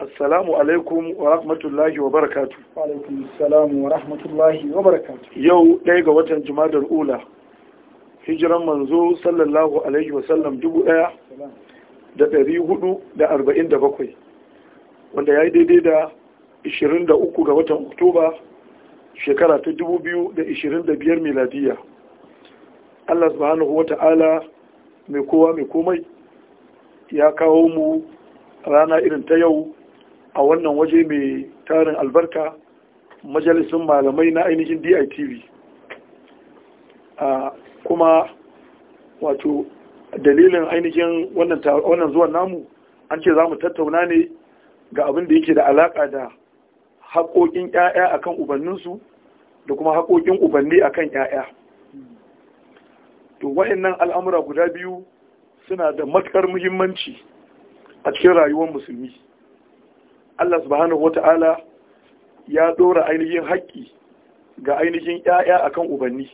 Assalamu alaikum wa rahmatullahi wa barakatu. Wa alaikum assalamu wa rahmatullahi wa barakatu. Yau ɗaya ga watan Jumadar Ula, hijiran manzo sallallahu alaihi wa sallam dubu ɗaya da ɗari hudu da arba'in da bakwai, wanda ya yi daidai da ishirin da uku ga watan Oktoba shekara ta dubu biyu da ishirin da biyar miladiya. Allah subhanahu wa ta'ala mai kowa mai komai ya kawo mu rana irin ta yau a wannan waje mai tarin albarka majalisun malamai na ainihin DITV kuma wato dalilin ainihin wannan zuwan namu an ce za mu tattauna ne ga abin da yake da alaƙa da haƙoƙin 'ya'ya a kan ubanninsu da kuma haƙoƙin ubanni a kan 'ya'ya to wa'annan al'amura guda biyu suna da matuƙar muhimmanci a cikin rayuwar musulmi Allah subhanahu wata'ala ya dora ainihin haƙƙi ga ainihin ‘ya'ya a kan ubanni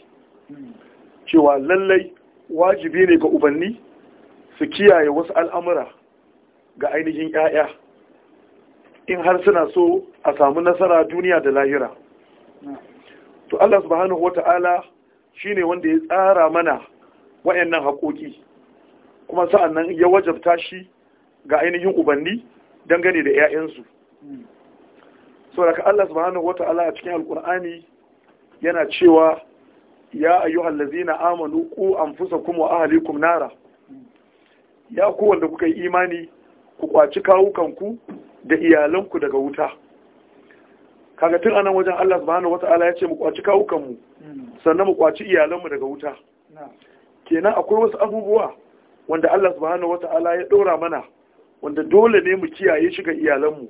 cewa lallai wajibi ne ga ubanni su kiyaye wasu al'amura ga ainihin ‘ya'ya in har suna so a samu nasara duniya da lahira to Allah subhanahu wata'ala shine wanda ya tsara mana wayannan haƙoƙi kuma sa'annan ya wajabta shi ga ainihin ubanni dangane da 'ya'yansu so daga Allah subhanahu wata'ala a cikin alkur'ani yana cewa ya ayyuhal ladzina amanu qu anfusakum wa ahlikum nara ya ku wanda kuka yi imani ku kwaci kawukanku da iyalanku daga wuta kaga tun anan wajen Allah subhanahu wata'ala ya ce mu kwaci kawukanmu sannan mu kwaci iyalanmu daga wuta kenan akwai wasu abubuwa wanda Allah subhanahu wata'ala ya dora mana wanda dole ne mu kiyaye shi ga iyalanmu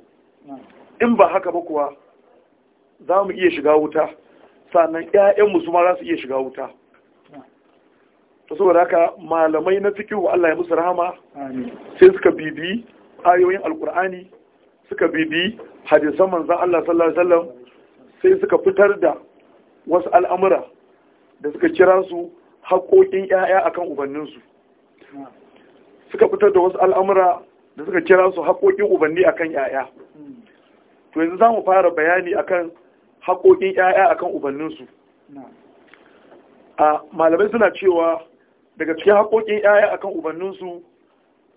in ba haka ba kuwa za mu iya shiga wuta sannan 'ya'yanmu su ma za su iya shiga wuta Ta saboda haka malamai na wa Allah ya musu rahama sai suka bibi ayoyin alkur'ani suka bibi hadisan manzan Allah sallallahu alaihi wasallam sai suka fitar da wasu al'amura da suka kira su haƙoƙin yaya akan ubanninsu suka fitar da wasu al'amura da suka kira su haƙoƙin ubanni akan yaya to yanzu za mu fara bayani akan haƙoƙin yaya akan ubanninsu a malamai suna cewa daga cikin haƙoƙin yaya akan ubanninsu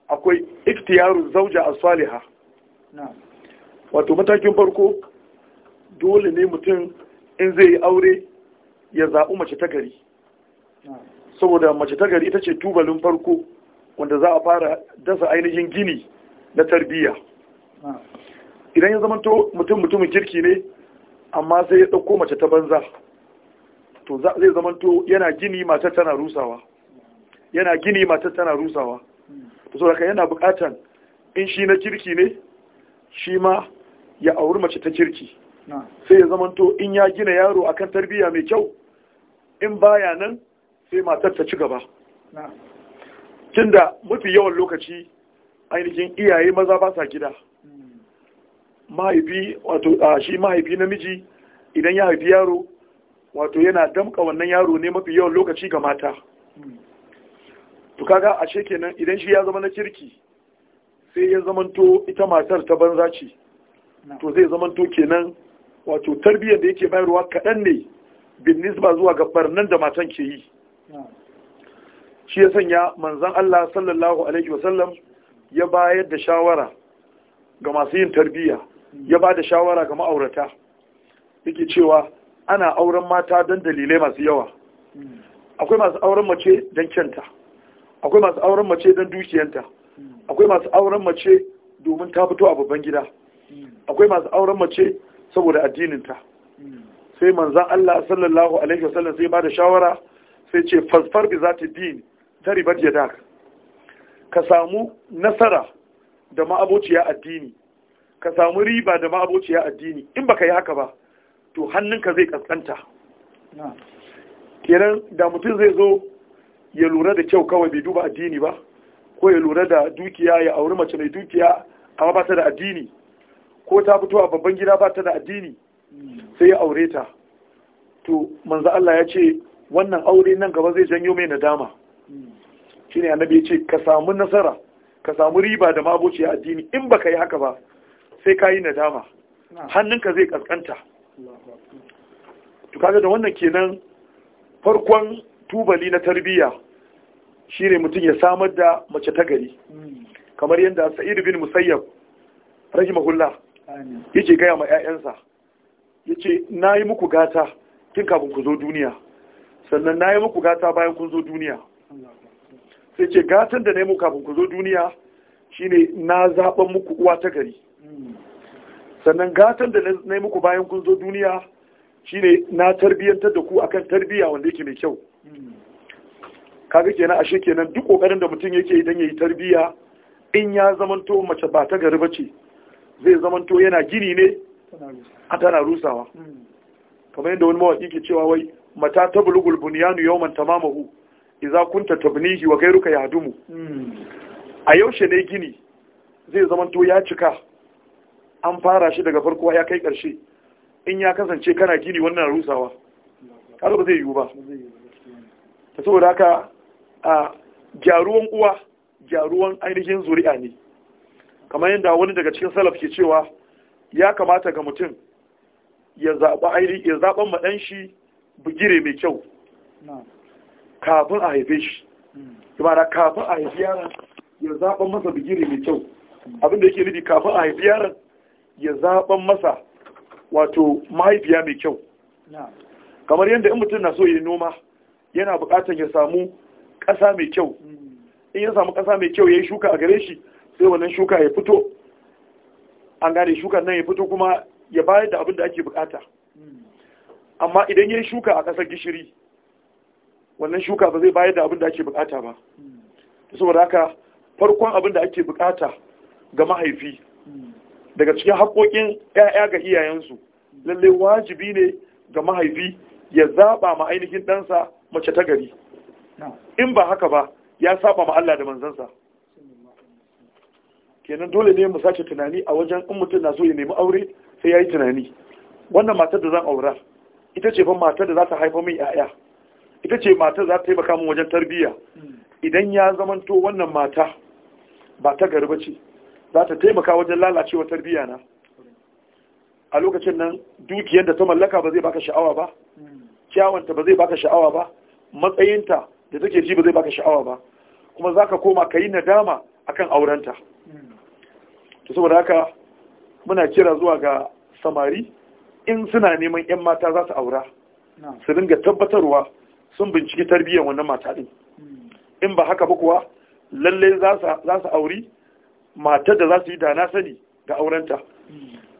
akwai iktiyaru zauja a saliha wato matakin farko dole ne mutum in zai yi aure ya zaɓi mace ta gari saboda mace ta gari ita ce tubalin farko wanda za a fara dasa ainihin gini na tarbiyya idan ya zama mutum mutumin kirki ne amma sai ya ɗauko mace ta banza to zai zama yana gini mata tana rusawa yana gini mata tana rusawa to so daga yana buƙatan in shi na kirki ne shi ma ya auri mace ta kirki sai ya zama in ya gina yaro akan tarbiyya mai kyau in baya nan sai matar ta ci gaba tunda mafi yawan lokaci ainihin iyaye maza ba sa gida mahaifi wato shi mahaifi namiji idan ya haifi yaro wato yana damka wannan yaro ne mafi yawan lokaci ga mata tukaga kaga ashe kenan idan shi ya zama na kirki sai ya zamanto ita matar ta banza ce to zai zamanto kenan wato tarbiyyar da yake bayarwa kaɗan ne binnis ba zuwa ga nan da matan ke yi shi ya sanya manzan Allah sallallahu alaihi wasallam ya bayar da shawara ga masu yin tarbiyya ya ba da shawara ga ma'aurata yake cewa ana auren mata don dalilai masu yawa akwai masu auren mace don kyanta akwai masu auren mace don dukiyanta akwai masu auren mace domin ta fito a babban gida akwai masu auren mace saboda addininta sai manzan Allah sallallahu alaihi wasallam sai ba da shawara sai ce fasfar bi za ta din ta ribar yadak ka samu nasara da ma'abociya addini ka samu riba da ma'abociya addini in baka yi haka ba to hannunka zai kaskanta kenan da mutum zai zo ya lura da kyau kawai bai duba addini ba ko ya lura da dukiya ya auri mace mai dukiya amma ba ta da addini ko ta fito a babban gida ba ta da addini hmm. sai ya aure ta to manzo Allah ya ce wannan aure nan gaba zai janyo mai nadama hmm. shine annabi ya ce ka samu nasara ka samu riba da a addini in baka yi haka ba sai ka yi nadama hannunka zai kaskanta to kaga da wannan kenan farkon tubali na tarbiyya shine mutum ya samar da mace ta gari hmm. kamar yadda sa'id bin musayyab rahimahullah ce, gaya ma 'ya'yansa yace nayi muku gata kin kafin ku zo duniya sannan nayi muku gata bayan kun zo duniya sai ce gatan da na kafin ku zo duniya shine na zaɓen muku uwa ta gari sannan gatan da na muku bayan kun zo duniya shine na tarbiyyantar da ku akan tarbiyya wanda yake mai kyau kaga kenan ashe kenan duk kokarin da mutum yake idan yayi tarbiyya in ya zamanto mace ba ta gari bace zai zamanto yana gini ne a tana rusawa hmm. kamar yadda wani mawaki ke cewa wai mata ta bulugul bunyanu yawman tamamahu iza kunta tabnihi wa ya hadumu a yaushe ne gini zai zamanto ya cika an fara shi daga farko ya kai karshe in ya kasance kana gini wannan rusawa kada ba zai yiwu ba ta saboda haka a gyaruwan uwa gyaruwan ainihin zuri'a ne kamar yadda wani daga cikin salaf ke cewa ya kamata ga mutum ya zaɓa ainihin ya zaɓa maɗan shi bugire mai kyau kafin a haife shi hmm. kuma da kafin a haifi yaran ya zaɓan masa bigiri mai kyau abinda yake nufi kafin a haifi yaran ya zaɓan masa wato mahaifiya mai kyau kamar yadda in mutum na so ya yi noma yana buƙatar ya samu ƙasa mai kyau hmm. in ya samu ƙasa mai kyau ya yi shuka a gare shi sai wannan shuka ya fito an gane shukan nan ya fito kuma ya bayar da abin da ake buƙata hmm. amma idan ya yi shuka a ƙasar gishiri wannan shuka ba zai bayar da abin da ake bukata ba saboda haka farkon abin da ake bukata ga mahaifi daga cikin haƙoƙin ƴaƴa ga iyayensu lalle wajibi ne ga mahaifi ya zaɓa ma ainihin ɗansa mace ta gari in ba haka ba ya saba ma Allah da manzansa kenan dole ne mu sace tunani a wajen in mutum na so ya nemi aure sai ya yi tunani wannan matar da zan aura ita ce fa matar da za ta haifa min ƴaƴa. ita ce mata za ta taimaka min wajen tarbiyya idan ya zamanto wannan mata ba ta garba ce za ta taimaka wajen lalacewa tarbiyya na a lokacin nan dukiyar da ta mallaka ba zai baka sha'awa ba kyawanta ba zai baka sha'awa ba matsayinta da take ji ba zai baka sha'awa ba kuma za ka koma ka yi nadama akan aurenta to saboda haka muna kira zuwa ga samari in suna neman 'yan mata za su aura su dinga tabbatarwa sun binciki tarbiyyar wannan mata ɗin in ba haka ba kuwa lalle za su auri matar da za su yi dana sani ga aurenta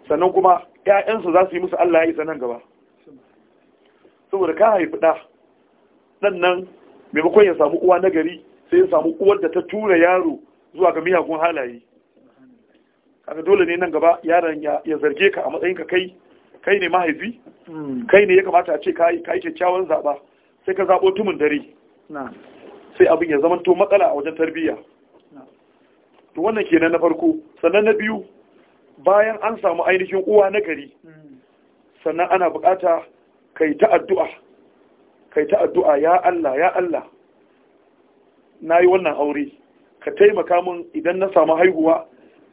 sannan kuma 'ya'yansu za su yi musu Allah ya isa nan gaba saboda ka haifi ɗa ɗan nan maimakon ya samu uwa nagari sai ya samu uwar da ta tura yaro zuwa ga miyagun halaye kaga dole ne nan gaba yaron ya zarge ka a matsayin ka kai kai ne mahaifi hmm. kai ne ya kamata a ce ka yi kyakkyawan zaɓa sai ka zaɓo tumun dare sai abin ya zama to matsala a wajen tarbiyya to wannan kenan na farko sannan na biyu bayan an samu ainihin uwa na gari mm. sannan ana bukata kai ta addu'a kai ta addu'a ya Allah ya Allah na yi wannan aure ka taimaka min idan na samu haihuwa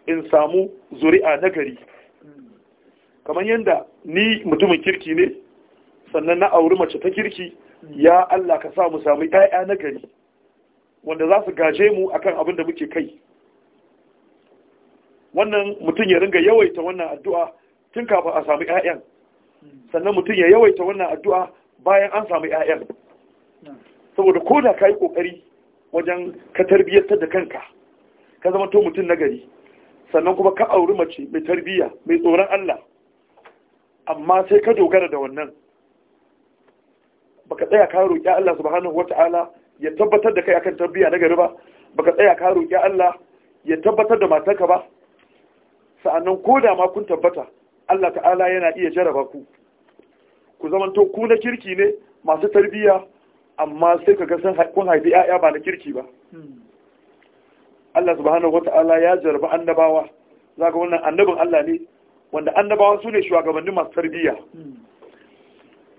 in samu zuri'a na gari mm. kamar yadda ni mutumin kirki ne sannan na auri mace ta kirki ya Allah ka sa mu samu ƴaƴa na gari wanda za su gaje mu akan abin da muke kai wannan mutum ya ringa yawaita wannan addu'a tun kafin a samu ƴaƴan sannan mutum ya yawaita wannan addu'a bayan an samu ƴaƴan saboda ko da ka yi ƙoƙari wajen ka tarbiyyar da kanka ka zama to mutum na gari sannan kuma ka auri mace mai tarbiyya mai tsoron Allah amma sai ka dogara da wannan baka tsaya ka roƙi Allah subhanahu wata'ala ya tabbatar da kai akan tarbiyya na gari ba baka tsaya ka roƙi Allah ya tabbatar da matarka ba sa'annan ko da ma kun tabbata Allah ta'ala yana iya jaraba ku ku zamanto ku na kirki ne masu tarbiyya amma sai ka ga sun kun haifi ƴaƴa ba na kirki ba Allah subhanahu wata'ala ya jaraba annabawa zaka wannan annabin Allah ne wanda annabawa su ne shugabannin masu tarbiyya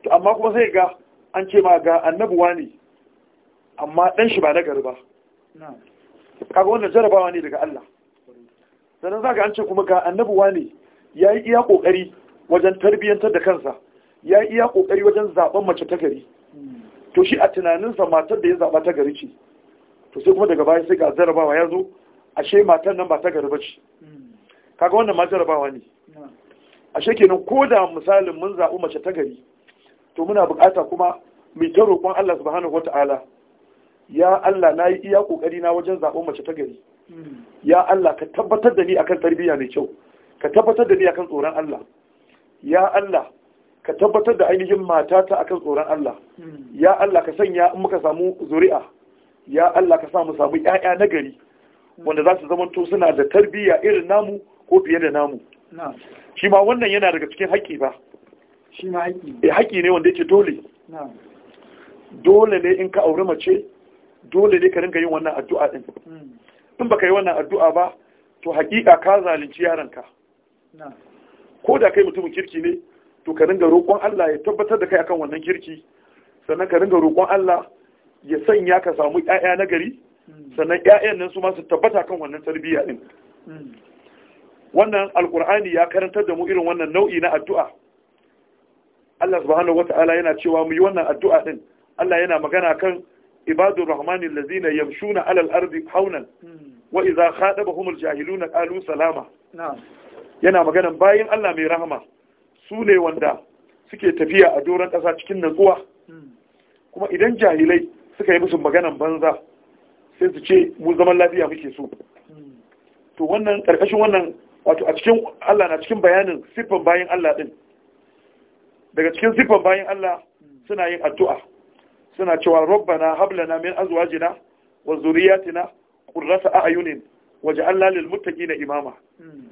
to amma kuma sai ga an ce ma ga annabuwa ne amma ɗan shi ba na gari ba kaga wannan jarabawa ne daga Allah sannan za ka an ce kuma ga annabuwa ne ya yi iya ƙoƙari wajen tarbiyyantar da kansa ya yi iya ƙoƙari wajen zaɓen mace ta gari hmm. to shi a tunaninsa matar da ya zaɓa ta gari ce to sai kuma daga baya sai ga jarabawa ya zo ashe matar nan ba ta gari ba ce hmm. kaga wannan ma jarabawa ne ashe kenan ko da misalin mun zaɓi mace ta gari to muna bukata kuma mai ta roƙon Allah subhanahu wata'ala ya Allah na yi iya ƙoƙari na wajen zaɓen mace ta gari ya Allah ka tabbatar da ni akan tarbiyya mai kyau ka tabbatar da ni akan tsoron Allah ya Allah ka tabbatar da ainihin matata akan tsoron Allah ya Allah ka sanya in muka samu zuri'a ya Allah ka sa mu samu ƴaƴa na gari wanda za su zamanto suna da tarbiyya irin namu ko fiye da namu shi ma wannan yana daga cikin haƙƙi ba shi ma haƙi eh, ne wanda yake dole dole ne in ka aure mace dole ne ka ringa yin wannan addu'a din hmm. in baka yi wannan addu'a ba to haƙiƙa ka zalunci yaranka ko da kai mutumin kirki ne to ka ringa roƙon Allah ya tabbatar da kai akan wannan kirki sannan ka ringa roƙon Allah ya sanya ka samu ƴaƴa na gari hmm. sannan ƴaƴan nan su ma su tabbata kan wannan tarbiyya din hmm. wannan Alƙur'ani ya karantar da mu irin wannan nau'i na addu'a Allah subhanahu wata'ala yana cewa mu yi wannan addu'a din Allah yana magana kan ibadur rahmani allazina yamshuna alal ardi haunan hmm. wa idza khadabahum aljahiluna qalu salama yana magana bayin Allah mai rahama su ne wanda suke tafiya a doron kasa cikin natsuwa hmm. kuma idan jahilai suka yi musu maganan banza sai su ce mu zaman lafiya muke so hmm. to wannan wannan wato a cikin Allah na cikin bayanin siffan bayan Allah din daga cikin siffar bayan Allah hmm. suna yin addu'a suna cewa rabbana hablana min azwajina wa zuriyatina qurrata a'yunin waj'alna lil muttaqina imama hmm.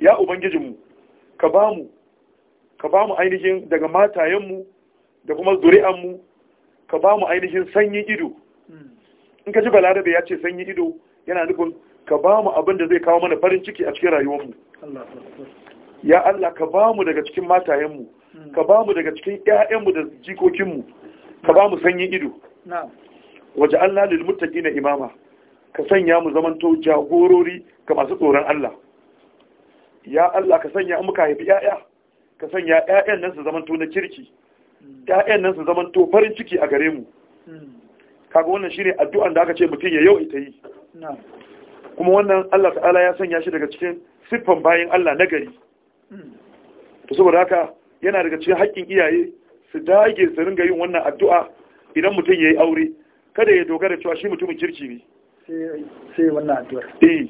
ya ubangijinmu ka mu ka mu ainihin daga matayenmu da kuma zuri'anmu ka ba mu ainihin sanyi ido hmm. in ka ji balarabe ya ce sanyin ido yana nufin ka ba mu abin da zai kawo mana farin ciki a cikin rayuwarmu ya Allah ka ba mu daga cikin matayenmu ka ba mu daga cikin ƴaƴanmu da jikokinmu ka ba mu sanyin ido waje Allah lil muttaqina imama ka sanya mu to jagorori ga masu tsoron Allah ya Allah ka sanya mu ka haifi ƴaƴa ka sanya ƴaƴan nan su to na kirki ƴaƴan nan su to farin ciki a gare mu kaga wannan shine addu'an da aka ce mutum ya yau ita yi kuma wannan Allah ta'ala ya sanya shi daga cikin siffan bayan Allah nagari gari hmm. saboda haka yana daga cikin haƙƙin iyaye su dage su ringa yin wannan addu'a idan mutum ya yi aure kada ya dogara cewa shi mutumin kirki ne sai wannan addu'ar eh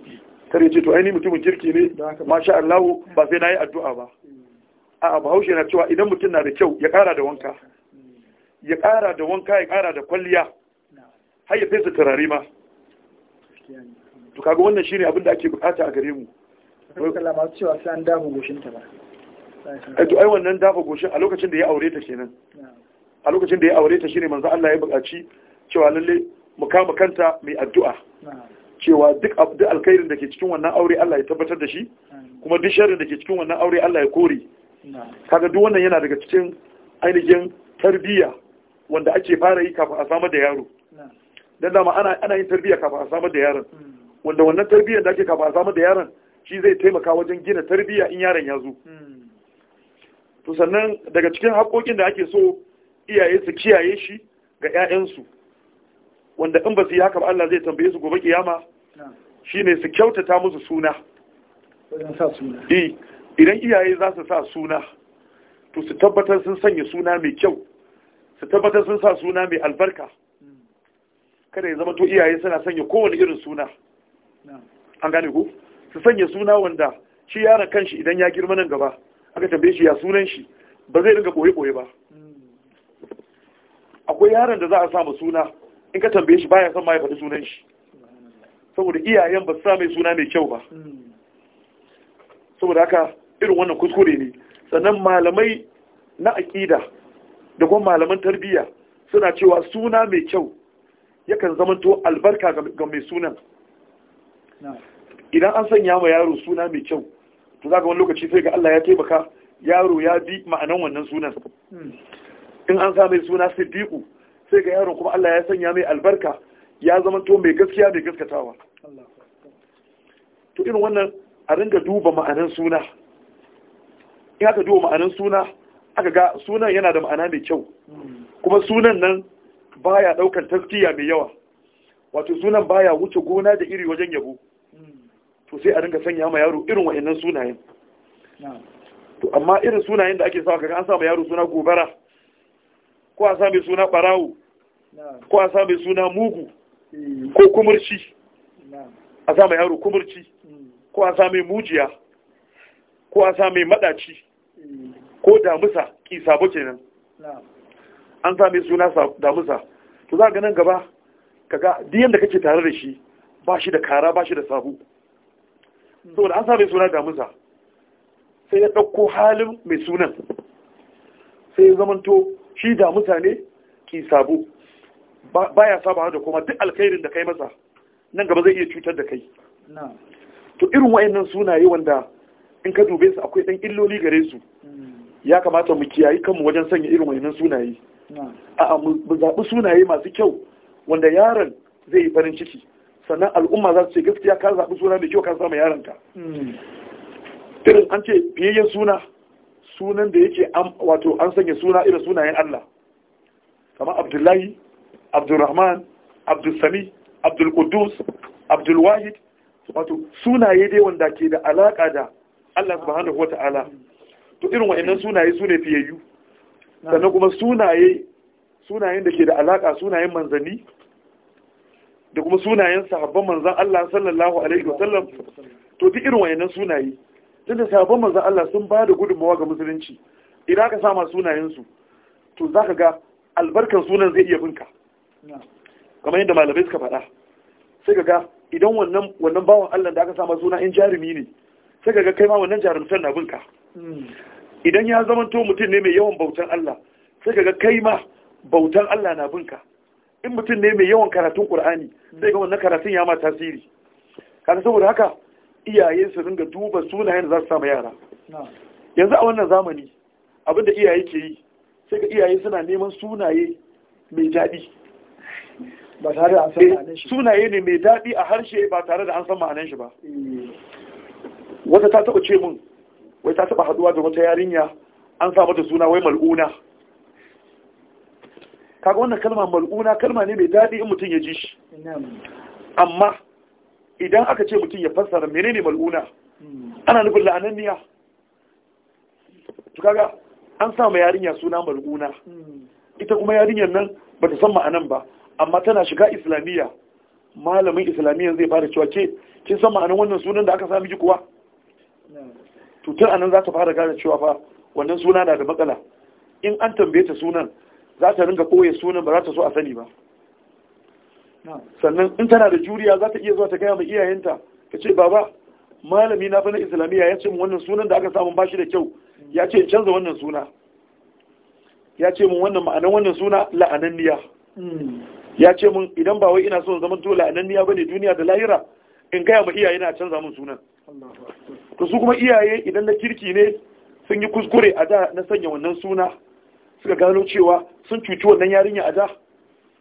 ya ce to ai ni mutumin kirki ne masha Allah ba sai na yi addu'a ba a'a bahaushe na cewa idan mutum na da kyau ya ƙara da wanka ya ƙara da wanka ya ƙara da kwalliya har ya fesa turare ma to kaga wannan shine abin da ake bukata a gare mu. Rukala masu cewa sai an damu ta ba. ake eh, ai wannan dafa goshin a lokacin da ya aure ta kenan a lokacin da ya aure ta shine manzo Allah ya buƙaci cewa lalle mu kama kanta mai addu'a cewa duk abdu alkhairin da ke cikin wannan aure Allah ya tabbatar da shi kuma duk sharrin da ke cikin wannan aure Allah ya kore kaga duk wannan yana daga cikin ainihin tarbiyya wanda ake fara yi kafin a samar da yaro dan dama ana ana yin tarbiyya kafin a samar da yaron wanda wannan tarbiyyar da ake kafin a samar da yaron shi zai taimaka wajen gina tarbiyya in yaron ya zo to sannan daga cikin haƙoƙin da ake so iyaye su kiyaye shi ga 'ya'yansu wanda in ba su yi haka ba Allah zai tambaye su gobe kiyama shine su kyautata musu suna eh, idan iyaye za su sa suna to su tabbatar sun sanya suna mai kyau su tabbatar sun sa suna mai albarka hmm. kada ya zama to iyaye suna sanya kowane irin suna an gane ku su sanya suna wanda shi yaran kanshi idan ya girma nan gaba aka tambaye shi ya sunan shi ba zai ringa koye-koye ba akwai yaron da za a samu suna in ka tambaye shi baya san ma ya faɗi sunan shi saboda iyayen ba su sa mai suna mai kyau ba saboda haka irin wannan kuskure ne sannan malamai na aƙida da kuma malaman tarbiyya suna cewa suna mai kyau yakan zamanto albarka ga mai sunan idan an sanya wa yaro suna mai kyau to zaka wani lokaci sai ga Allah ya taimaka yaro ya bi ma'anan wannan sunan hmm. in an sa mai suna siddiqu sai ga yaron kuma Allah ya sanya mai albarka ya zama to mai gaskiya mai gaskatawa to irin wannan a ringa duba ma'anan suna in aka duba ma'anan suna aka ga sunan yana da ma'ana mai kyau hmm. kuma sunan nan baya daukar taskiya mai yawa wato sunan baya wuce gona da iri wajen yabo to sai a ringa sanya ma yaro irin wa'annan sunayen to amma irin sunayen da ake sa kaga an sa ma yaro suna gobara ko a sa mai suna barawo ko a sa mai suna mugu eh. ko kumurci a sa mai yaro kumurci ko a sa mai mujiya ko a sa mai madaci eh. ko damusa kisabo kenan an sa mai suna damusa to za ga nan gaba kaga duk yanda kake tare da shi ba shi da kara ba shi da sabu Dole an sa mai suna musa sai ya ɗauko halin mai sunan sai ya zamanto shi damusa ne ki sabo ba ya saba da kuma duk alkhairin da kai masa nan gaba zai iya cutar da kai to irin wa'annan sunaye wanda in ka dube su akwai ɗan illoli gare su hmm. ya kamata mu kiyayi kanmu wajen sanya irin wa'annan sunaye A'a mu zaɓi sunaye masu kyau wanda yaron zai yi farin ciki sannan al'umma za su ce gaskiya ka zaɓi suna mai kyau ka sama yaranka hmm. irin an ce biyayyen suna sunan da yake wato an sanya suna irin sunayen Allah kamar Abdullahi Abdulrahman Abdulsami Abdulkudus Abdulwahid wato sunaye dai wanda ke da alaka da Allah subhanahu ta'ala to irin wa'annan sunaye sune fiyayyu sannan kuma sunaye sunayen da ke da alaka sunayen manzanni da kuma sunayen sahabban manzan Allah sallallahu alaihi wasallam to duk irin wayannan sunaye tun da sahabban manzan Allah sun ba da gudunmawa ga musulunci idan ka sama sunayensu to za ka ga albarkar sunan zai iya binka kamar yadda malamai suka faɗa sai ka ga idan wannan wannan bawan Allah da aka sama suna in jarumi ne sai ka ga kai ma wannan jarumtar na binka idan ya zama to mutum ne mai yawan bautan Allah sai ka ga kai ma bautan Allah na binka in mutum ne mai yawan karatun ƙur'ani zai ga wannan karatun ya ma tasiri Kada saboda haka iyaye su ringa duba sunayen da za su sa yara yanzu a wannan zamani abin da iyaye ke yi sai ga iyaye suna neman sunaye mai daɗi ba tare da an san eh, ma'anar shi sunaye ne mai daɗi a harshe ba tare da an san ma'anar shi ba eh. wata ta taɓa ce min wai ta taɓa haɗuwa da wata yarinya an sa mata suna wai mal'una kaga wannan kalma mal'una kalma ne mai daɗi in mutum ya ji shi amma idan aka ce mutum ya fassara menene mal'una hmm. ana nufin la'ananniya to kaga an sa ma yarinya suna mal'una hmm. ita kuma yarinyar nan ba ta san ma'anan ba amma tana shiga islamiyya malamin islamiyya zai fara cewa ke kin san ma'anan wannan sunan da aka sa miki kuwa to tun anan za ta fara gane cewa fa wannan suna na da matsala in an tambaye ta sunan za ta ringa koya sunan ba za ta so a sani ba sannan in tana da juriya za ta iya zuwa ta gaya ma iyayenta ka ce baba malami na fana islamiyya ya ce mu wannan sunan da aka samu ba shi da kyau ya ce canza wannan suna ya ce mun wannan ma'anan wannan suna la'ananniya hmm. ya ce mun idan ba wai ina son zaman to la'ananniya bane duniya da lahira in gaya ma iyaye na canza mun sunan to su kuma iyaye idan na kirki ne sun yi kuskure a da na sanya wannan suna suka gano cewa sun cuci wannan yarinya a da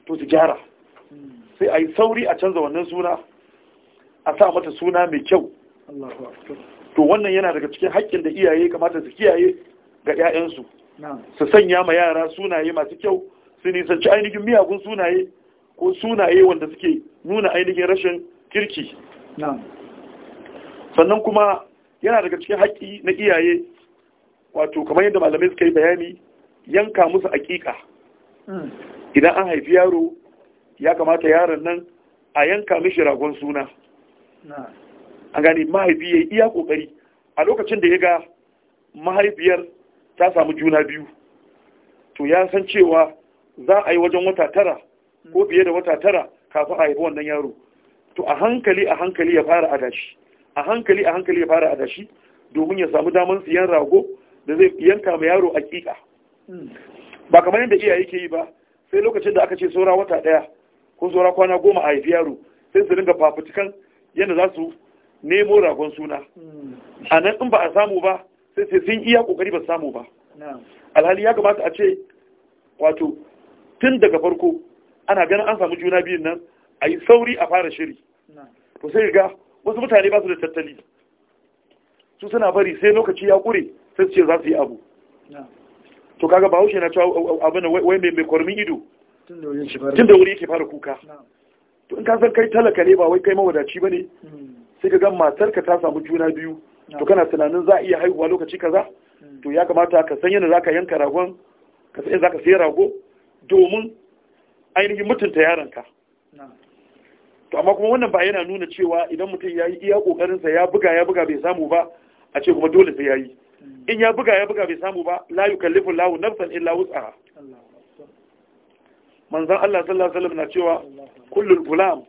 to su gyara sai a yi sauri a canza wannan suna a sa mata suna mai kyau to wannan yana daga cikin haƙƙin da iyaye kamata su kiyaye ga 'ya'yansu su sanya ma yara sunaye masu kyau su nisanci ainihin miyagun sunaye ko sunaye wanda suke nuna ainihin rashin kirki sannan kuma yana daga cikin haƙƙi na iyaye wato kamar yadda malamai suka yi bayani yanka musu aƙiƙa hmm. idan an haifi yaro ya kamata yaron nan a yanka mishi ragon suna an gani mahaifi ya iya ƙoƙari a lokacin da ya ga mahaifiyar ta samu juna biyu to ya san cewa za a yi wajen wata tara ko hmm. fiye da wata tara kafin a haifi wannan yaro to a hankali a hankali ya fara adashi a hankali a hankali ya fara adashi domin ya samu damar siyan rago da zai yanka ma yaro a kika ba kamar yadda iyaye ke yi ba sai lokacin da aka ce saura wata daya ko saura kwana goma a haifi yaro sai su ringa fafutukan yadda za su nemo ragon suna a nan in ba a samu ba sai sai sun iya kokari ba samu ba alhali ya kamata a ce wato tun daga farko ana ganin an samu juna biyun nan a yi sauri a fara shiri to sai ga wasu mutane ba su da tattali su suna bari sai lokaci ya kure sai su ce za su yi abu to kaga ba haushe na cewa abin wai mai mai kwarmin ido tun da wuri yake fara kuka to in ka san kai talaka ne ba wai kai mawadaci ba ne hmm. sai ka matar matarka ta samu juna biyu to kana tunanin za a iya haihuwa lokaci kaza hmm. to ya kamata ka san yadda za ka yanka ragon ka san yadda za ka sayi rago domin ainihin mutunta ka to amma kuma wannan ba yana nuna cewa idan mutum ya yi iya kokarinsa ya buga ya buga bai samu ba a ce kuma dole sai ya yi in ya buga ya buga bai samu ba la yukallifu lahu nafsan illa wus'aha manzon Allah sallallahu alaihi wasallam na cewa kullul gulam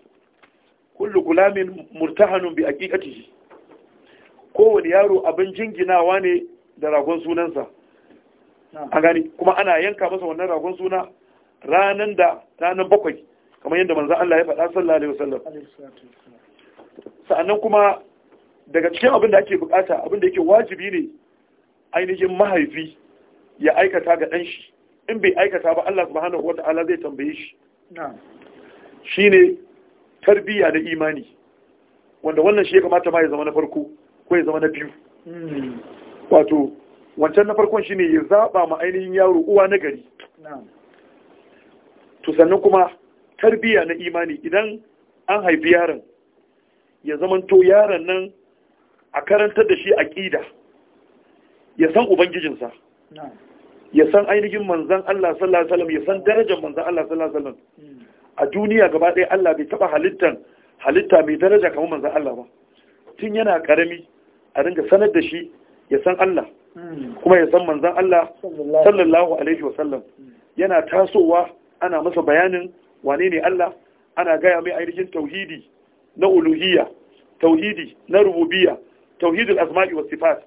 kullu gulamin murtahanun bi aqiqatihi kowane yaro abin jinginawa ne da ragon sunansa a gani kuma ana yanka masa wannan ragon suna ranan da ranan bakwai kamar yadda manzon Allah ya faɗa sallallahu alaihi wasallam sa'annan kuma daga cikin abin da ake bukata abin da yake wajibi ne ainihin mahaifi ya aikata ga ɗanshi. in bai aikata ba Allah subhanahu wata'ala zai tambaye shi Shi ne tarbiyya da imani wanda wannan shi ya kamata ma ya zama na farko ko ya zama na biyu hmm. wato wancan na farkon shi ne ya zaba ma ainihin yaro uwa na gari to sannan kuma tarbiyya na imani idan an haifi yaron ya zamanto yaron nan a karantar da shi aƙida ya san ubangijinsa ya san ainihin manzan Allah sallallahu alaihi wasallam ya san darajar manzan Allah sallallahu alaihi wasallam hmm. a duniya gaba ɗaya Allah bai taba halittan halitta mai daraja kamar manzan Allah ba tun yana karami a ringa sanar da shi ya san Allah hmm. kuma ya san manzan Allah sallallahu alaihi wasallam hmm. yana tasowa ana masa bayanin wane ne Allah ana gaya mai ainihin tauhidi na uluhiyya tauhidi na rububiyya tauhidul asma'i was sifat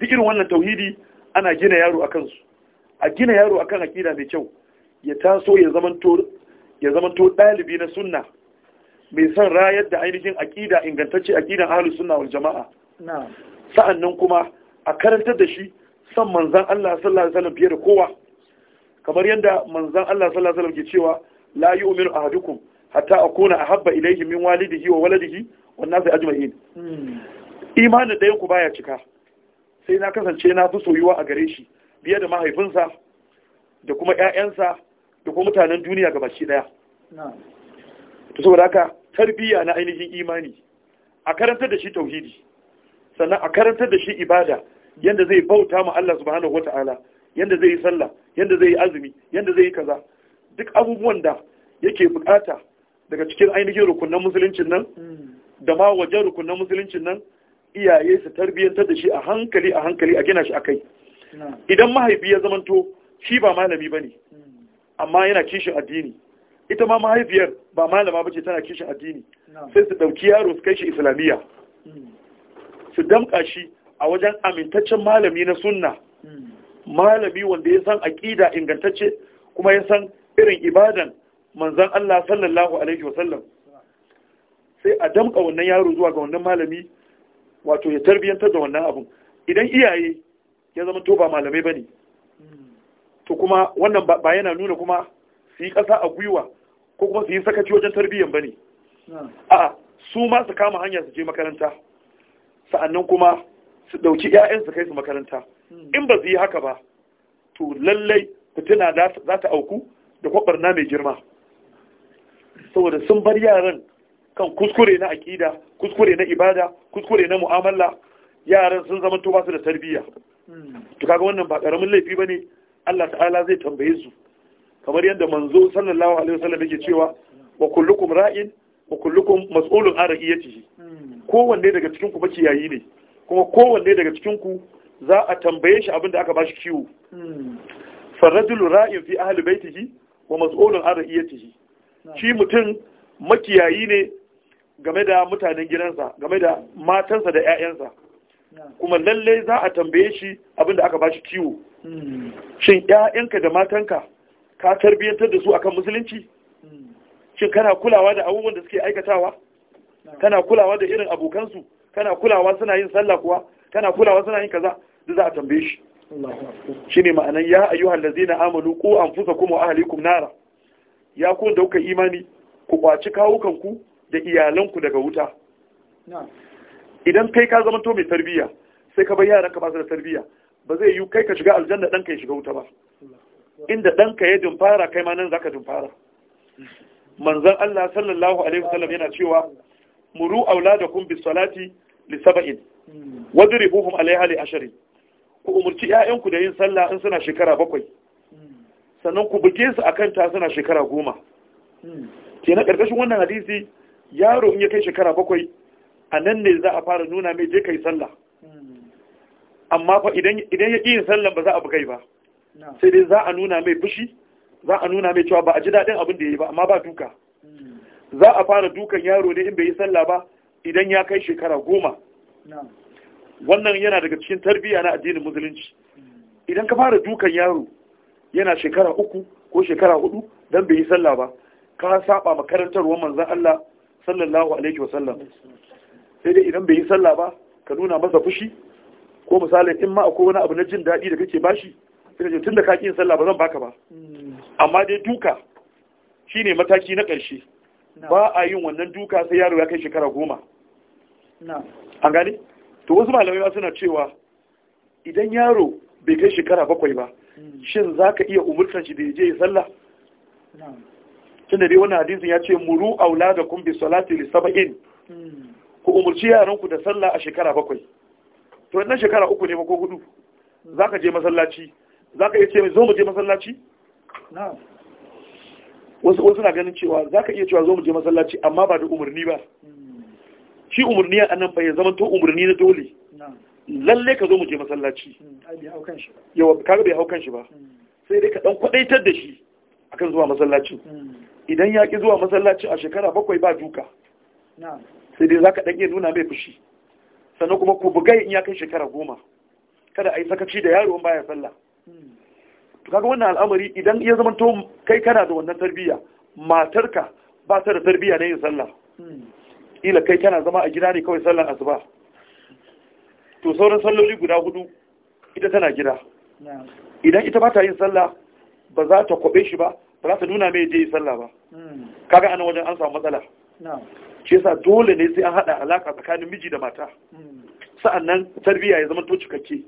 duk irin wannan tauhidi ana gina yaro a kansu a gina yaro akan aƙida mai kyau ya taso ya zamanto ɗalibi na sunna mai son rayar da ainihin aƙida ingantacce aƙidan ahalu sunna wal jama'a nan kuma a karantar da shi san manzan Allah sallallahu alaihi wasallam fiye da kowa kamar yadda manzan Allah sallallahu alaihi wasallam ke cewa la yu'minu ahadukum hatta akuna ahabba ilayhi min walidihi wa waladihi wan nasi ajma'in hmm. imanin da ku baya cika sai na kasance na fi soyuwa a gare shi biye da mahaifinsa da kuma 'ya'yansa da kuma mutanen duniya ga baki daya ta saboda haka tarbiyya na ainihin imani a karantar da shi tauhidi sannan a karantar da shi ibada Yadda zai bauta ma Allah subhanahu wataala yadda zai yi sallah yadda zai yi azumi yadda zai yi kaza duk abubuwan da yake bukata daga cikin ainihin rukunan musuluncin nan hmm. da ma wajen rukunan musuluncin nan iyaye su tarbiyyantar da shi a hankali a hankali a gina shi a kai idan mahaifi ya zamanto shi ba malami ba ne amma yana kishin addini ita ma mahaifiyar ba malama ba ce tana kishin addini sai su ɗauki yaro su kai shi islamiyya su damƙa shi a wajen amintaccen malami na sunna malami wanda ya san aƙida ingantacce kuma ya san irin ibadan manzan Allah sallallahu alaihi wasallam sai a damƙa wannan yaro zuwa ga wannan malami wato ya tarbiyantar da wannan abun idan iyaye ya zama to ba malamai bane to kuma wannan ba yana nuna kuma su yi ƙasa a gwiwa ko kuma su yi sakaci wajen tarbiyyan bane a'a su ma su kama hanya su je makaranta sa'annan kuma su ɗauki 'ya'yan su kai su makaranta hmm. in ba su yi haka ba to lallai fitina za ta auku da kwabarna mai girma saboda sun bar yaran kan kuskure na akida kuskure na ibada kuskure na mu'amala yaran sun zama to basu da tarbiyya hmm. to kaga wannan ba karamin laifi bane Allah ta'ala zai tambaye su kamar yadda manzo sallallahu alaihi wasallam yake cewa wa kullukum ra'in wa kullukum mas'ulun an ra'iyatihi hmm. kowanne daga cikin ku bace yayi ne kuma kowanne daga cikin ku za a tambaye shi abinda aka bashi kiwo hmm. farajulu ra'in fi ahli baitihi wa mas'ulun an ra'iyatihi shi mutum makiyayi ne game da mutanen gidansa game da matansa da 'ya'yansa kuma lallai za a tambaye shi abinda aka ba bashi kiwo shin 'ya'yanka da matanka ka tarbiyyantar da su akan musulunci shin kana kulawa da abubuwan da suke aikatawa kana kulawa da irin abokansu kana kulawa suna yin sallah kuwa kana kulawa suna yin kaza za a tambaye shi shine ma'anan ya ayyuhal ladzina amanu qu anfusakum wa ahlikum nara ya ku da kuka imani ku kwaci kawukanku da iyalanku daga wuta idan kai ka zama to mai tarbiyya sai ka bar yaran ka basu da tarbiyya ba zai yi kai ka shiga aljanna ɗanka ya shiga wuta ba inda ɗanka ya dumfara kai ma nan zaka dumfara manzon Allah sallallahu alaihi wasallam yana cewa muru auladakum bis salati li sab'in hmm. wadribuhum alaiha li ashrin ku umurci ƴaƴanku da yin sallah in suna shekara bakwai hmm. sannan ku buge su akan ta suna shekara goma hmm. kenan ƙarƙashin wannan hadisi yaro in ya kai shekara bakwai a nan ne za a fara nuna mai je kai sallah amma fa idan ya yin sallah ba za a bugai ba sai dai za a nuna mai fushi za a nuna mai cewa ba a ji daɗin abin da ya yi ba amma ba duka hmm. za a fara dukan yaro ne in bai yi sallah ba idan ya kai shekara goma wannan yana daga cikin tarbiyya na addinin musulunci hmm. idan ka fara dukan yaro yana shekara uku ko shekara hudu don bai yi sallah ba ka saba makarantarwar manzan Allah sallallahu alaihi wa sallam sai dai idan bai yi sallah ba ka nuna masa fushi ko misali in ma akwai wani abu na jin daɗi da kake bashi sai ka tunda ka ki yin sallah ba zan baka ba amma dai duka shine mataki na ƙarshe ba a yin wannan duka sai yaro ya kai shekara goma an gane to wasu malamai ma suna cewa idan yaro bai kai shekara bakwai ba hmm. shin za ka iya umurtar shi da ya je ya sallah tun da dai wannan hadisin ya ce muru wula da kumbi salati li saba'in ku umarci yaranku da sallah a shekara bakwai to wannan shekara uku ne ko hudu za ka je masallaci za ka iya ce zo mu je masallaci wasu wasu na ganin cewa za ka iya cewa zo mu je masallaci amma ba da umarni ba hmm. shi umarni a nan bayan zama to umarni na dole lalle ka zo mu je masallaci yawa hmm, kaga bai hau kan shi ba hmm. sai dai ka dan kwadaitar da shi akan zuwa masallacin idan ya ki zuwa masallaci a shekara bakwai ba duka sai dai za ka ɗan iya nuna mai fushi sannan kuma ku bugai in ya kai shekara goma kada a yi sakaci da yaro baya sallah hmm. kaga wannan al'amari idan ya zama to kai kana da wannan tarbiyya matarka ba ta da tarbiyya na yin sallah hmm. ila kai kana zama a gida ne kawai sallar asuba to sauran salloli guda hudu ita tana gida idan ita ba ta yin sallah ba za ta kwabe shi ba ba za ta nuna mai je yi sallah ba hmm. kaga ana wajen an samu matsala shi yasa dole ne sai an haɗa alaka tsakanin miji da mata hmm. sa'annan tarbiyya ya zama to cikakke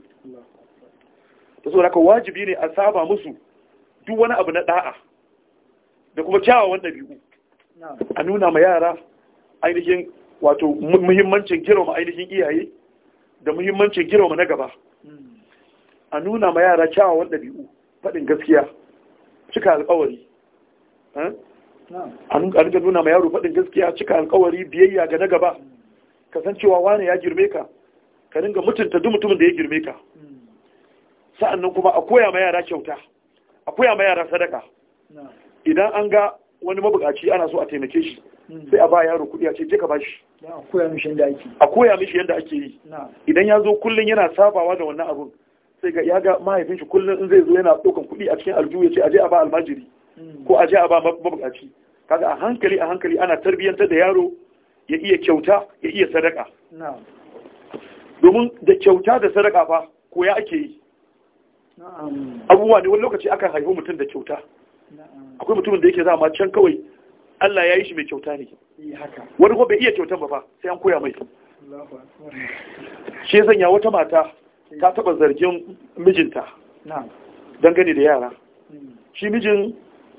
da so haka wajibi ne a saba musu duk wani abu na da'a da kuma kyawawan ɗabi'u a nuna ma yara ainihin wato muhimmancin girma ainihin iyaye da muhimmancin girma na gaba hmm. a nuna ma yara kyawawan ɗabi'u faɗin gaskiya cika alƙawari Eh? a nuka nuna ma yaro faɗin gaskiya cika alkawari biyayya ga na gaba kasancewa wane ya girme ka ka dinga mutunta duk mutumin da ya girme ka hmm. sa'annan kuma a koya ma yara kyauta a koya ma yara sadaka idan an ga wani mabukaci ana so a taimake shi hmm. sai a ba yaro kuɗi a ce je ka bashi a koya mishi yadda ake yi idan ya zo kullum yana sabawa da wannan abun sai ga ya ga mahaifin shi kullum in zai zo yana ɗaukan kuɗi a cikin aljihu ya ce a je a ba almajiri ko a ji a ba mabukaci kaga a hankali a hankali ana tarbiyyanta da yaro ya iya kyauta ya iya sadaka domin da kyauta da sadaka fa ko ya ake yi abubuwa ne wani lokaci aka haihu mutum da kyauta akwai mutumin da yake za ma can kawai Allah ya yi shi mai kyauta ne eh, wani kuma bai iya kyautan ba fa sai an koya mai shi sanya wata mata ta taba zargin mijinta dangane da yara hmm. shi mijin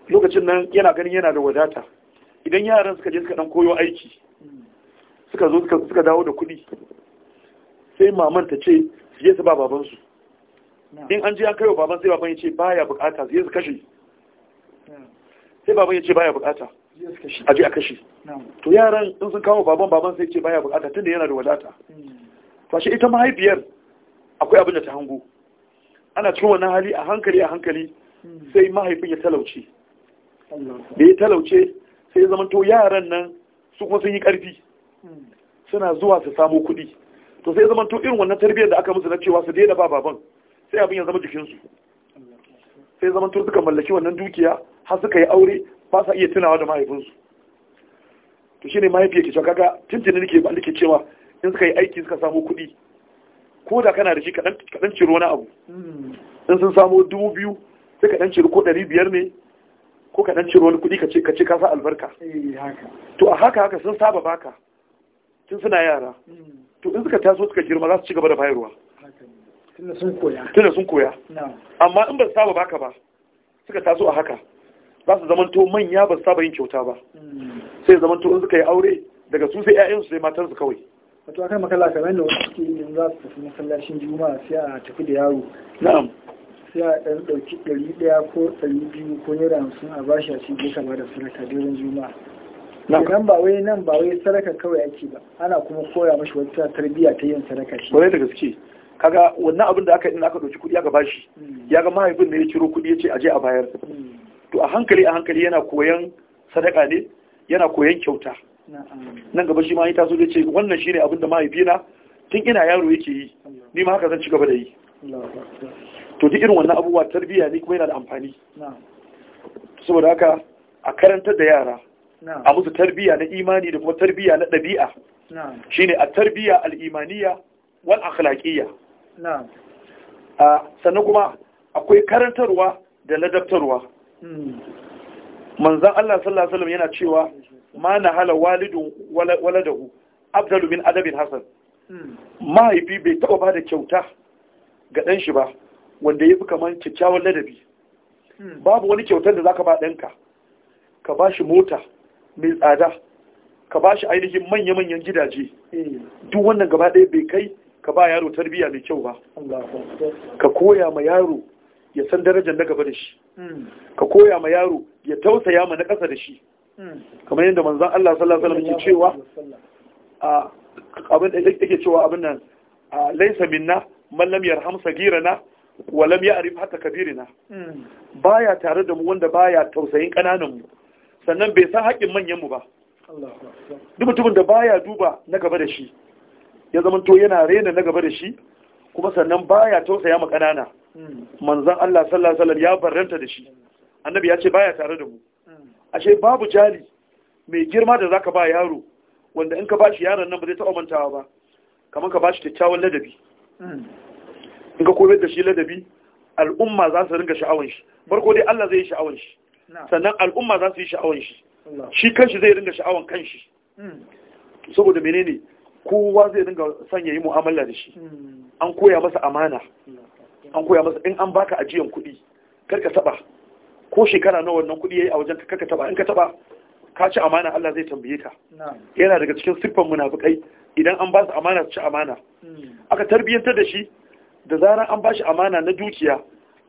lokacin nan yana ganin yana da wadata idan yaran suka je suka dan koyo aiki suka zo suka dawo da kuɗi sai maman ta ce su je su ba babansu in an je an kai wa baban sai baban ya ce baya bukata su je su kashe sai baban ya ce baya bukata a je a kashe to yaran in sun kawo baban baban sai ce baya bukata tunda yana da wadata fashe hmm. ita mahaifiyar akwai abin da ta hango ana cikin wannan hali a hankali a hankali hmm. sai mahaifin ya talauce da ya talauce sai zama to yaran nan su kuma sun yi ƙarfi suna zuwa su samo kuɗi to sai zama to irin wannan tarbiyyar da aka musu na cewa su daina ba baban sai abin ya zama jikinsu sai zama to suka mallaki wannan dukiya har suka yi aure ba sa iya tunawa da mahaifinsu to shine mahaifiya ke cewa kaga tuntuni nake ba nake cewa in suka yi aiki suka samu kuɗi ko da kana da shi kaɗan ciro wani abu hmm. in sun samu dubu biyu sai kaɗan ciro ko ɗari biyar ne ko ka dan ciro wani kuɗi ka ce ka sa albarka eh, to a haka haka sun saba baka tun suna yara hmm. to in suka taso suka girma za su ci gaba da bayarwa tunda sun koya amma in ba su saba baka ba suka taso a haka za su zamanto manya ba su saba yin kyauta ba hmm. sai zamanto in suka yi aure daga su sai 'ya'yansu sai matarsu kawai wato akan makalla kamar wasu suke yin za su tafi masallacin juma'a sai a tafi da yaro na'am sai a ɗan ɗauki ɗari ɗaya ko ɗari biyu ko naira hamsin a bashi a cikin kama da sadaka durin juma'a idan ba wai nan ba wai sadaka kawai ake ba ana kuma koya mashi wata tarbiyya ta yin sadaka shi kwarai da gaske kaga wannan abin da aka yi aka ɗauki kuɗi aka bashi mm. ya ga mahaifin ne ya ciro kuɗi ya ce aje a bayar mm. to a hankali a hankali yana koyan sadaka ne yana koyan kyauta nan gaba shi ma ya taso ya ce wannan shine abin da mahaifina tun ina yaro yake yi ni ma haka zan ci gaba da yi to duk irin wannan abubuwa tarbiyya ne kuma yana da amfani saboda haka a karantar da yara a musu tarbiyya na imani da kuma tarbiyya na ɗabi'a shine a tarbiyya al'imaniya wal akhlaqiyya sannan kuma akwai karantarwa da ladabtarwa hmm. manzon Allah sallallahu alaihi wasallam yana cewa ma na hala walidun waladahu abdalu min adabin hasan hmm. mahaifi bai taba bada kyauta ga dan shi ba wanda ya fi kamar kyakkyawan ladabi hmm. babu wani kyautar da za ka ba ɗanka ka ba shi mota mai tsada ka ba shi ainihin manya-manyan gidaje hmm. duk wannan gaba ɗaya bai kai ka ba yaro tarbiyya mai kyau ba ka koya ma yaro ya san darajar na gaba da shi hmm. ka koya ma yaro ya tausaya ma na ƙasa da shi kamar yadda manzan Allah sallallahu alaihi wasallam ke cewa abin da yake cewa abin nan laisa minna Mallamiyar Hamsa, yarham sagirana walam ya arif hatta kabirina hmm. baya tare da mu wanda baya tausayin kananan mu sannan bai san haƙin manyan mu ba duk mutumin da baya duba na gaba da shi ya zama to yana rena na gaba da shi kuma sannan baya tausaya ma kanana hmm. manzon Allah sallallahu alaihi wasallam ya barranta da shi annabi ya ce baya tare da mu hmm. ashe babu jali mai girma da zaka ba yaro wanda in ka bashi yaron nan ba zai taɓa mantawa ba kamar ka bashi kyakkyawan ladabi in ka koyar da shi ladabi al'umma za su ringa sha'awun shi farko dai Allah zai yi sha'awun shi sannan al'umma za su yi sha'awun shi shi kanshi zai ringa sha'awun kanshi hmm. saboda menene kowa zai ringa sanya yi mu'amala da shi hmm. an koya masa amana an koya masa in an baka ajiyan kuɗi kar ka taba ko shekara nawa wannan kuɗi yayi a wajen ka ka taba in ka taba ka ci amana Allah zai tambaye ka yana daga cikin siffan munafikai idan an ba su amana su ci amana hmm. aka tarbiyyantar da shi da zarar an bashi amana na dukiya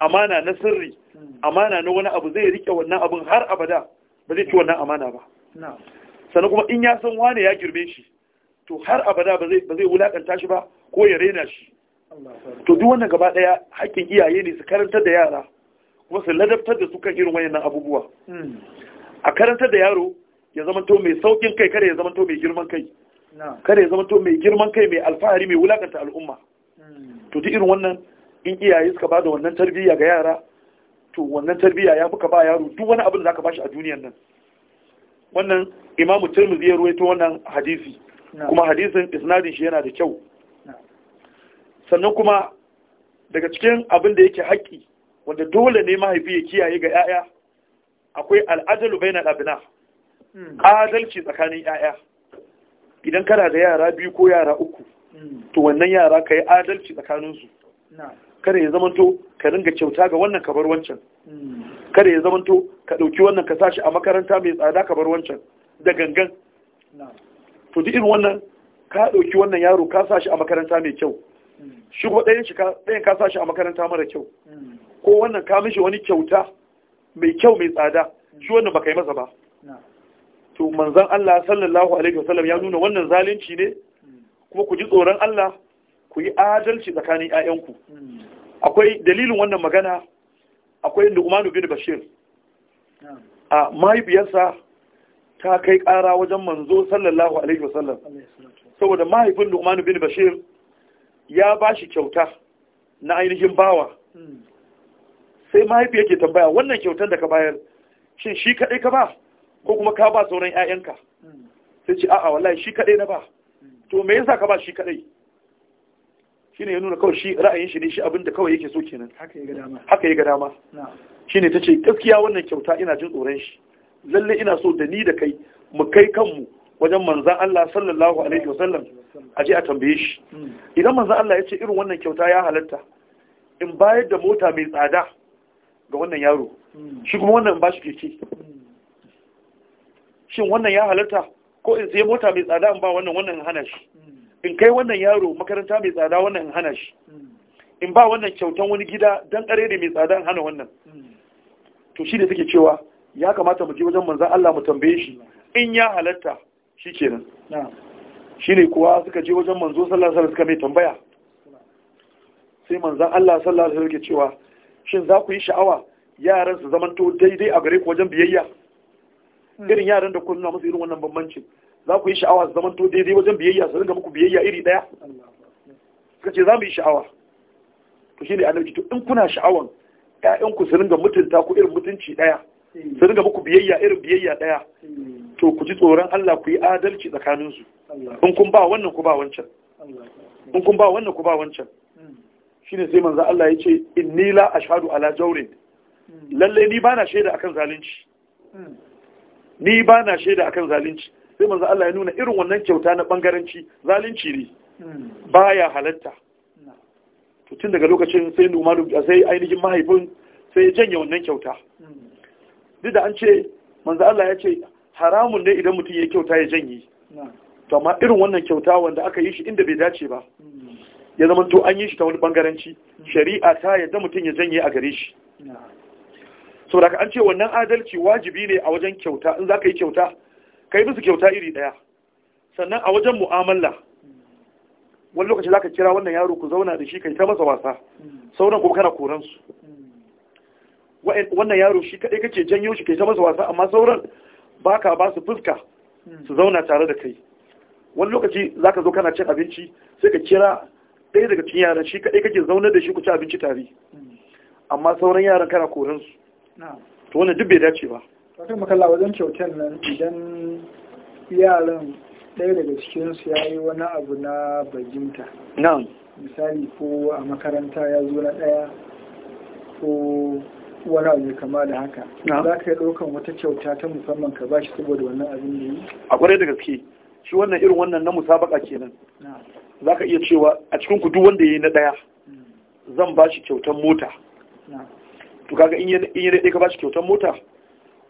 amana na sirri amana na wani abu zai rike wannan abin har abada ba zai ci wannan amana ba sannan kuma in ya san wane ya girme shi to har abada ba zai wulakanta shi ba ko ya rena shi to duk wannan gaba daya hakkin iyaye ne su karantar da yara kuma su ladabtar da su kan irin wayannan abubuwa hmm. a karantar da yaro ya to mai saukin kai kada ya to mai girman kai kada ya to mai girman kai mai alfahari mai wulakanta al'umma to duk irin wannan in iyaye suka bada wannan tarbiyya ga yara to wannan tarbiyya ya fuka ba yaro duk wani abin da zaka bashi a duniyar nan wannan imamu tirmidhi ya ruwaito wannan hadisi kuma hadisin isnadin shi yana da kyau sannan kuma daga cikin abin da yake haƙƙi wanda dole ne mahaifi ya kiyaye ga 'ya'ya akwai al'adalu bai abina, hmm. adalci tsakanin 'ya'ya idan kana da yara biyu ko yara uku to wannan yara ka yi adalci tsakaninsu kada ya zamanto ka ringa kyauta ga wannan kabar wancan hmm. kada ya zamanto ka ɗauki wannan ka sashi a makaranta mai tsada kabar wancan da gangan to duk irin wannan ka ɗauki wannan yaro ka sashi a makaranta mai kyau hmm. shi kuma ɗayan ɗayan ka sashi a makaranta mara kyau hmm. ko wannan ka mishi wani kyauta mai kyau mai tsada shi wannan baka yi masa ba to manzon Allah sallallahu alaihi wasallam ya nuna wannan zalunci ne kuma ku ji tsoron Allah ku yi adalci tsakanin 'ya'yanku. akwai dalilin wannan magana akwai Umaru bin Bashir a mahaifiyarsa ta kai ƙara wajen manzo sallallahu alaihi wasallam saboda mahaifin Umaru bin Bashir ya ba shi kyauta na ainihin bawa hmm. sai mahaifi yake tambaya wannan kyautar da ka bayar shin shi kaɗai ka ba ko kuma ka ba sauran 'ya'yanka hmm. sai ce a'a wallahi shi kaɗai na ba to me yasa ka ba shi kadai shine ya nuna kawai shi ra'ayin shi ne shi abinda kawai yake so kenan haka ya ga dama Shi ne ta ce, shine tace gaskiya wannan kyauta ina jin tsoron shi lalle ina so da ni da kai mu kai kanmu wajen manzan Allah sallallahu alaihi wasallam a je a tambaye shi mm. idan manzan Allah ya ce irin wannan kyauta ya halatta in bayar da mota mai tsada ga wannan yaro mm. shi kuma wannan ba shi keke mm. shin wannan ya halatta ko in sai mota mai tsada in ba wannan wannan in hana shi mm. in kai wannan yaro makaranta mai tsada wannan in hana shi mm. in ba wannan kyautan wani gida dan kare da mai tsada in hana wannan mm. to shi da suke cewa ya kamata mu je wajen manzon Allah mu tambaye shi in ya halatta shikenan shine kuwa suka je wajen manzo sallallahu alaihi wasallam suka mai tambaya sai manzon Allah sallallahu alaihi wasallam ke cewa shin za ku yi sha'awa yaran su zamanto daidai a gare ku wajen biyayya Hmm. irin yaran da kuma nuna irin wannan bambancin za ku yi sha'awa su zamanto daidai wajen biyayya su ringa muku biyayya iri daya suka ce za mu yi sha'awa to shi ne annabi to in kuna sha'awan ƴaƴanku su ringa mutunta ku irin mutunci daya su ringa muku biyayya irin biyayya daya to ku ji tsoron Allah ku yi adalci tsakanin su in kun ba wannan ku ba wancan in kun ba wannan ku ba wancan hmm. shine sai manzo Allah ya ce inni la ashhadu ala jawrin hmm. lalle ni bana shaida akan zalunci ni ba na shaida akan zalunci sai manzo Allah ya nuna irin wannan kyauta na bangaranci zalunci ne baya halatta to tun daga lokacin sai Umaru sai ainihin mahaifin sai ya janye wannan kyauta duk da an ce manzo Allah ya ce haramun ne idan mutum ya kyauta ya janye to amma irin wannan kyauta wanda aka yi shi inda bai dace ba ya zama to an yi shi ta wani bangaranci shari'a ta yadda mutum ya janye a gare shi saboda an ce wannan adalci wajibi ne a wajen kyauta in za ka yi kyauta ka yi musu kyauta iri ɗaya sannan a wajen mu'amala wani lokaci za ka kira wannan yaro ku zauna da shi ka yi ta masa wasa sauran kuma kana koran su wannan yaro shi kaɗai kake janyo shi ka yi ta masa wasa amma sauran ba ka ba su fuska su zauna tare da kai wani lokaci za ka zo kana cin abinci sai ka kira ɗaya daga cikin yaran shi kaɗai kake zaune da shi ku ci abinci tare amma sauran yaran kana koran su to wani duk bai dace ba wata makalla wajen kyautar nan idan yaran ɗaya daga cikinsu ya yi wani abu na bajinta misali ko a makaranta ya zo na ɗaya ko wani abu kama da haka za ka yi ɗaukan wata kyauta ta musamman ka bashi saboda wannan abin da yi a kwarai da gaske shi wannan irin wannan na musabaka kenan za ka iya cewa a cikin kudu wanda ya yi na ɗaya hmm. zan bashi kyautar mota to kaga in yi daɗe ka bashi kyautar mota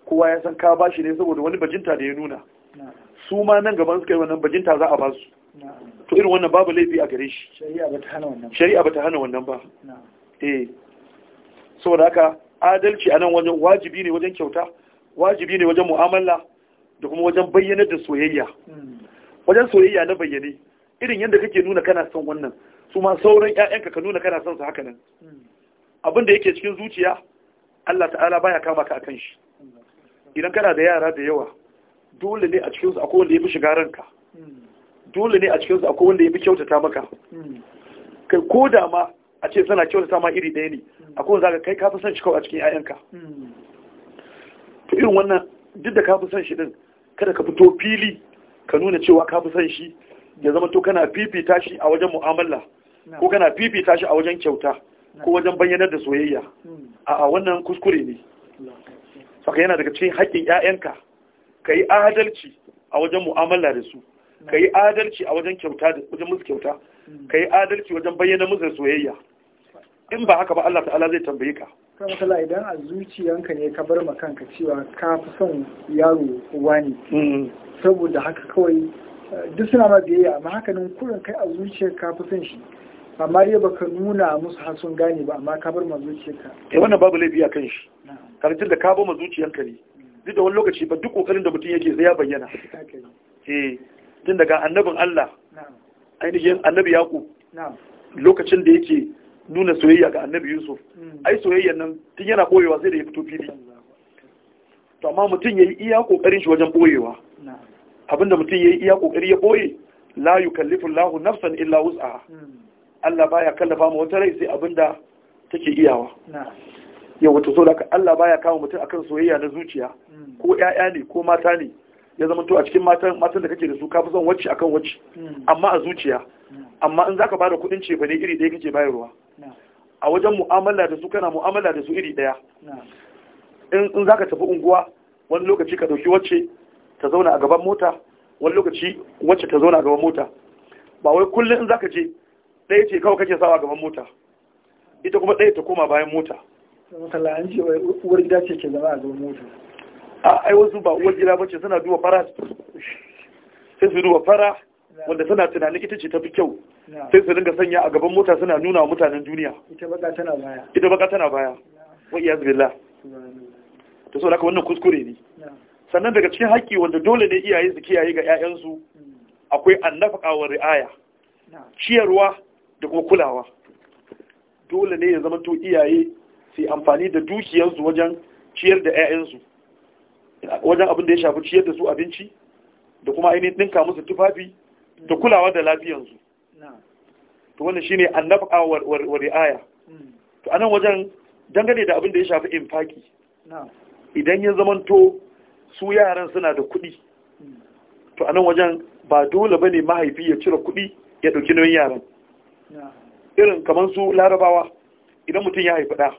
kowa ya san ka bashi ne saboda wani bajinta da ya nuna su ma nan gaban suka yi wannan bajinta za a ba su to irin wannan babu laifi a gare shi shari'a ba ta hana wannan ba eh saboda haka adalci a nan wajen wajibi ne wajen kyauta wajibi ne wajen mu'amala da kuma wajen bayyanar da soyayya hmm. wajen soyayya na bayyane irin yadda kake nuna kana son wannan su ma sauran 'ya'yanka ka nuna kana son su haka nan hmm. abin da yake cikin zuciya Allah ta'ala baya kama ka akan shi idan kana da yara da yawa dole ne a cikin su akwai wanda ya fi shiga ranka dole ne a cikin su akwai wanda ya fi kyautata maka kai ko da ma a ce suna kyautata ma iri ɗaya ne akwai wanda zaka kai ka fi son shi kawai a cikin 'ya'yanka to irin wannan duk da ka fi son shi din kada ka fito fili ka nuna cewa ka fi son shi ya zama to kana fifita shi a wajen mu'amala ko kana fifita shi a wajen kyauta ko wajen bayyanar da soyayya hmm. a wannan kuskure ne saka yana daga cikin haƙƙin ƴaƴanka ka yi adalci a wajen mu'amala da su ka yi adalci a wajen kyauta da wajen musu kyauta hmm. ka yi adalci wajen bayyana musu soyayya in ba haka ba Allah ta'ala zai tambaye ka kan kala idan a zuciyanka ne ka bar kanka cewa ka fi son yaro uwa ne hmm. saboda haka kawai eh, duk suna ma biyayya amma hakanin kurin kai a zuciyar ka fi son shi amma dai baka nuna musu har sun gane ba amma kabar mazuciyarka ma eh wannan babu laifi a kan shi karatun da ka bar ma ne duk da wani lokaci ba duk kokarin da mutum yake sai ya bayyana eh tun daga annabin Allah ainihin annabi Yaqub lokacin da yake nuna soyayya ga annabi Yusuf mm. ai soyayyar nan tun yana boyewa sai da ya fito fili to amma mutum yayi iya kokarin shi wajen boyewa abinda mutum yayi iya kokari ya boye la yukallifu Allahu nafsan illa wus'aha mm. Allah baya kallafa mu wata rai sai abinda take iyawa yau wata so da Allah baya kawo mutum akan soyayya na zuciya mm. ko 'ya'ya ne ko mata ne ya zama to a cikin matan matan da kake da su ka fi son wacce akan wacce mm. amma a zuciya mm. amma in zaka bada kuɗin ce ne iri ɗaya kake bayarwa a wajen mu'amala da su kana mu'amala da su iri ɗaya in zaka tafi unguwa wani lokaci ka ɗauki wacce ta zauna a gaban mota wani lokaci wacce ta zauna a gaban mota ba wai kullum in zaka je ɗaya ce kawai kake sawa gaban mota ita kuma ɗaya ta koma bayan mota misali an uwar gida ce ke zama a gaban mota a ai wasu ba uwar gida bace suna duba fara sai su duba fara wanda suna tunanin ita ce tafi kyau sai su dinga sanya a gaban mota suna nuna wa mutanen duniya ita baka tana baya ita baka tana baya wa iyaz billah to saboda wannan kuskure ne sannan daga cikin haƙƙi wanda dole ne iyaye su kiyaye ga ƴaƴansu mm. akwai annafaka wa ri'aya ciyarwa da kuma kulawa dole ne ya zama to iyaye sai amfani da dukiyarsu wajen ciyar da 'ya'yansu wajen abin da ya shafi ciyar da su abinci da kuma ainihin ɗinka musu tufafi da kulawa da lafiyansu to wannan shine annab'a wa ri'aya hmm. to anan wajen dangane da abin da ya shafi infaki idan ya zamanto su yaran suna da kuɗi hmm. to anan wajen ba dole bane mahaifi ya cire kuɗi ya ɗauki nauyin yaran irin kamar su larabawa idan mutum ya haifi ɗa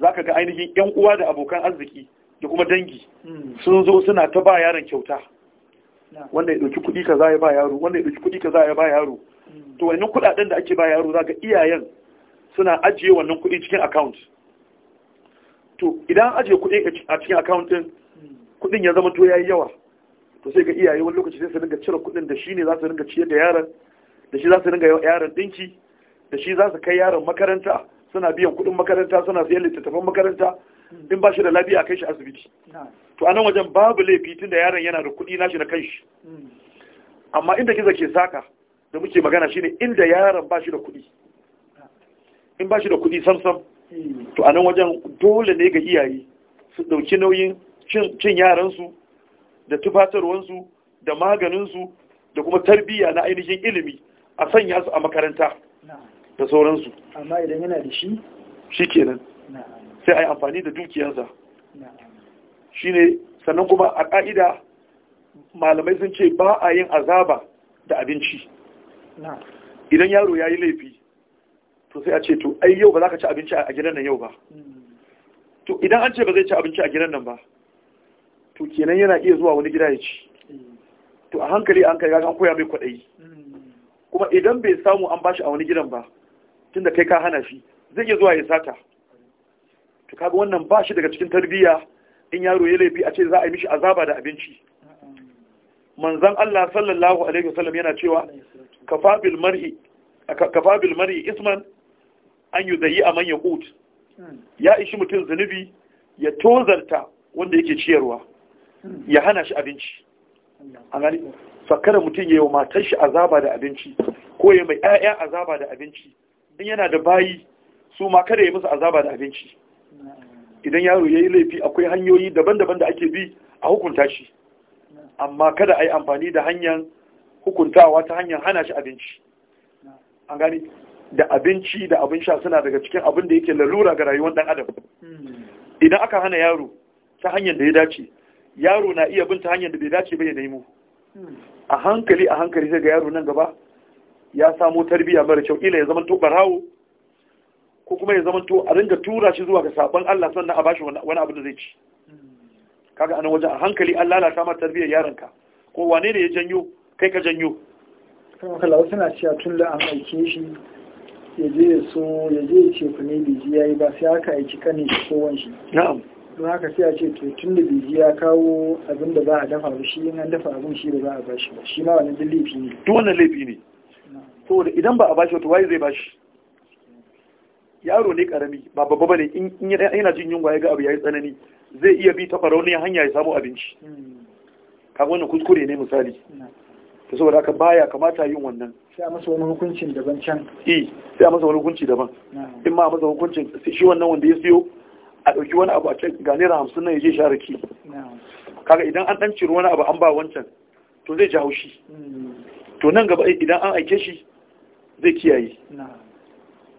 za ka ga ainihin yan uwa da abokan arziki da kuma dangi sun zo suna ta ba yaron kyauta wanda ya ɗauki kuɗi ka za ya ba yaro wanda ya ɗauki kuɗi ka za ya ba yaro hmm. to wannan kuɗaɗen da ake ba yaro za ga iyayen suna ajiye wannan kuɗi cikin account to idan ajiye kuɗi a cikin account ɗin hmm. kuɗin ya zama to yayi yawa to sai ga iyaye wani lokaci sai su dinga cire kuɗin da shine za su dinga ciyar da yaron da shi za su ringa yaran dinki da shi za su kai yaron makaranta suna biyan kuɗin makaranta suna siyan littattafan makaranta in ba shi da lafiya kai shi asibiti to anan wajen babu laifi tun da yaron yana da kuɗi nashi na kanshi hmm. amma inda kiza ke saka da muke magana shine inda yaron ba shi da kuɗi in ba shi da kuɗi samsam hmm. to anan wajen dole ne ga iyaye su dauki nauyin cin yaran su da su da maganinsu da kuma tarbiyya na ainihin ilimi a sanya su a makaranta da sauransu amma idan yana da shi shi kenan sai a yi amfani da dukiyarsa shi ne sannan kuma a ƙa'ida malamai sun ce ba a yin azaba da abinci idan yaro ya yi laifi to sai a ce to ai yau ba za ka ci abinci a gidan nan yau ba mm. to idan an ce ba zai ci abinci a gidan nan ba to kenan yana iya zuwa wani gida ya ci eh. to a hankali an kai an koya mai kwaɗayi mm. kuma idan bai samu an bashi a wani gidan ba tunda kai ka hana shi zai iya zuwa ya sata to kaga wannan bashi daga cikin tarbiyya in yaro ya laifi a ce za a yi mishi azaba da abinci manzon Allah sallallahu alaihi wasallam yana cewa kafabil mar'i kafabil mar'i isman an yuzayi aman yaqut ya ishi mutum zunubi ya tozarta wanda yake ciyarwa ya hana shi abinci a mutum ya yi wa matar shi azaba da abinci ko ya mai 'ya'ya azaba da abinci in yana da bayi su ma kada ya musu azaba da abinci idan yaro ya yi laifi akwai hanyoyi daban-daban da ake bi a hukunta shi amma kada a yi amfani da hanyar hukuntawa ta hanyar hana shi abinci an gani da abinci da abin sha suna daga cikin abin da yake lalura ga rayuwar ɗan adam hmm. idan aka hana yaro ta hanyar da ya dace yaro na iya bin ta hanyar da bai dace ba ya nemo a hankali a hankali zai ga yaro nan gaba ya samo tarbiyya mara kyau ila ya zamanto barawo ko kuma ya zamanto a ringa tura shi zuwa ga sabon Allah sannan a bashi wani abu da zai ci kaga anan wajen a hankali an lalata ma tarbiyyar yaron ka ko wane ne ya janyo kai ka janyo kuma kala na cewa tun da an aike shi ya je ya so ya je ya ce ku ne bai ji yayi ba sai aka aiki kane ko wanshi na'am don haka sai a ce to tun da biji ya kawo abin da za a dafa ba shi an dafa abin shi da za a bashi ba shi ma wani jin laifi ne duk wannan laifi ne saboda idan ba a bashi to waye zai bashi yaro ne karami ba babba bane in yana jin yunwa ya ga abu yayi tsanani zai iya bi ta farauniyar hanya ya samu abinci hmm. ka wannan kuskure ne misali hmm. to saboda haka baya kamata yin wannan sai a masa wani hukuncin daban can eh sai a masa wani hukunci daban hmm. in ma a masa hukuncin shi wannan wanda ya siyo a ɗauki wani abu a can ga naira hamsin nan ya je sha ke. kaga idan an ɗanci wani abu an ba wancan to zai ji haushi mm. to nan gaba eh, idan an aike shi zai kiyaye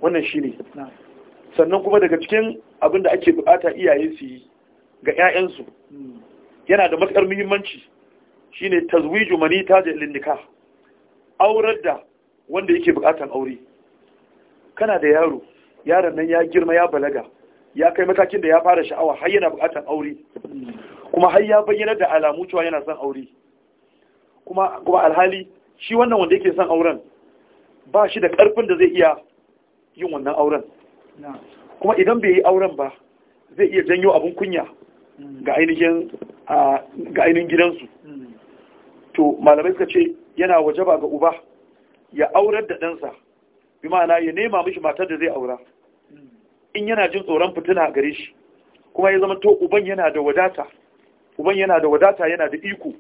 wannan shi ne sannan kuma daga cikin abin da ake bukata iyaye su yi ga 'ya'yansu mm. yana da matsar muhimmanci shine tazwiju manita da lindika aurar da wanda yake bukatan aure kana da yaro yaron nan ya girma ya balaga ya kai matakin da ya fara sha'awa har yana bukatar aure kuma har ya bayyana da alamu cewa yana son aure kuma kuma alhali shi wannan wanda yake son auren ba shi da karfin da zai iya yin wannan auren kuma idan bai yi auren ba zai iya janyo abun kunya hmm. ga ainihin ga ainihin gidansu hmm. to malamai suka ce yana wajaba ga uba ya aurar da ɗansa bi ma'ana ya nema mishi matar da zai aura in yana jin tsoron fitina a gare shi kuma ya zama to uban yana da wadata uban yana da wadata yana da iko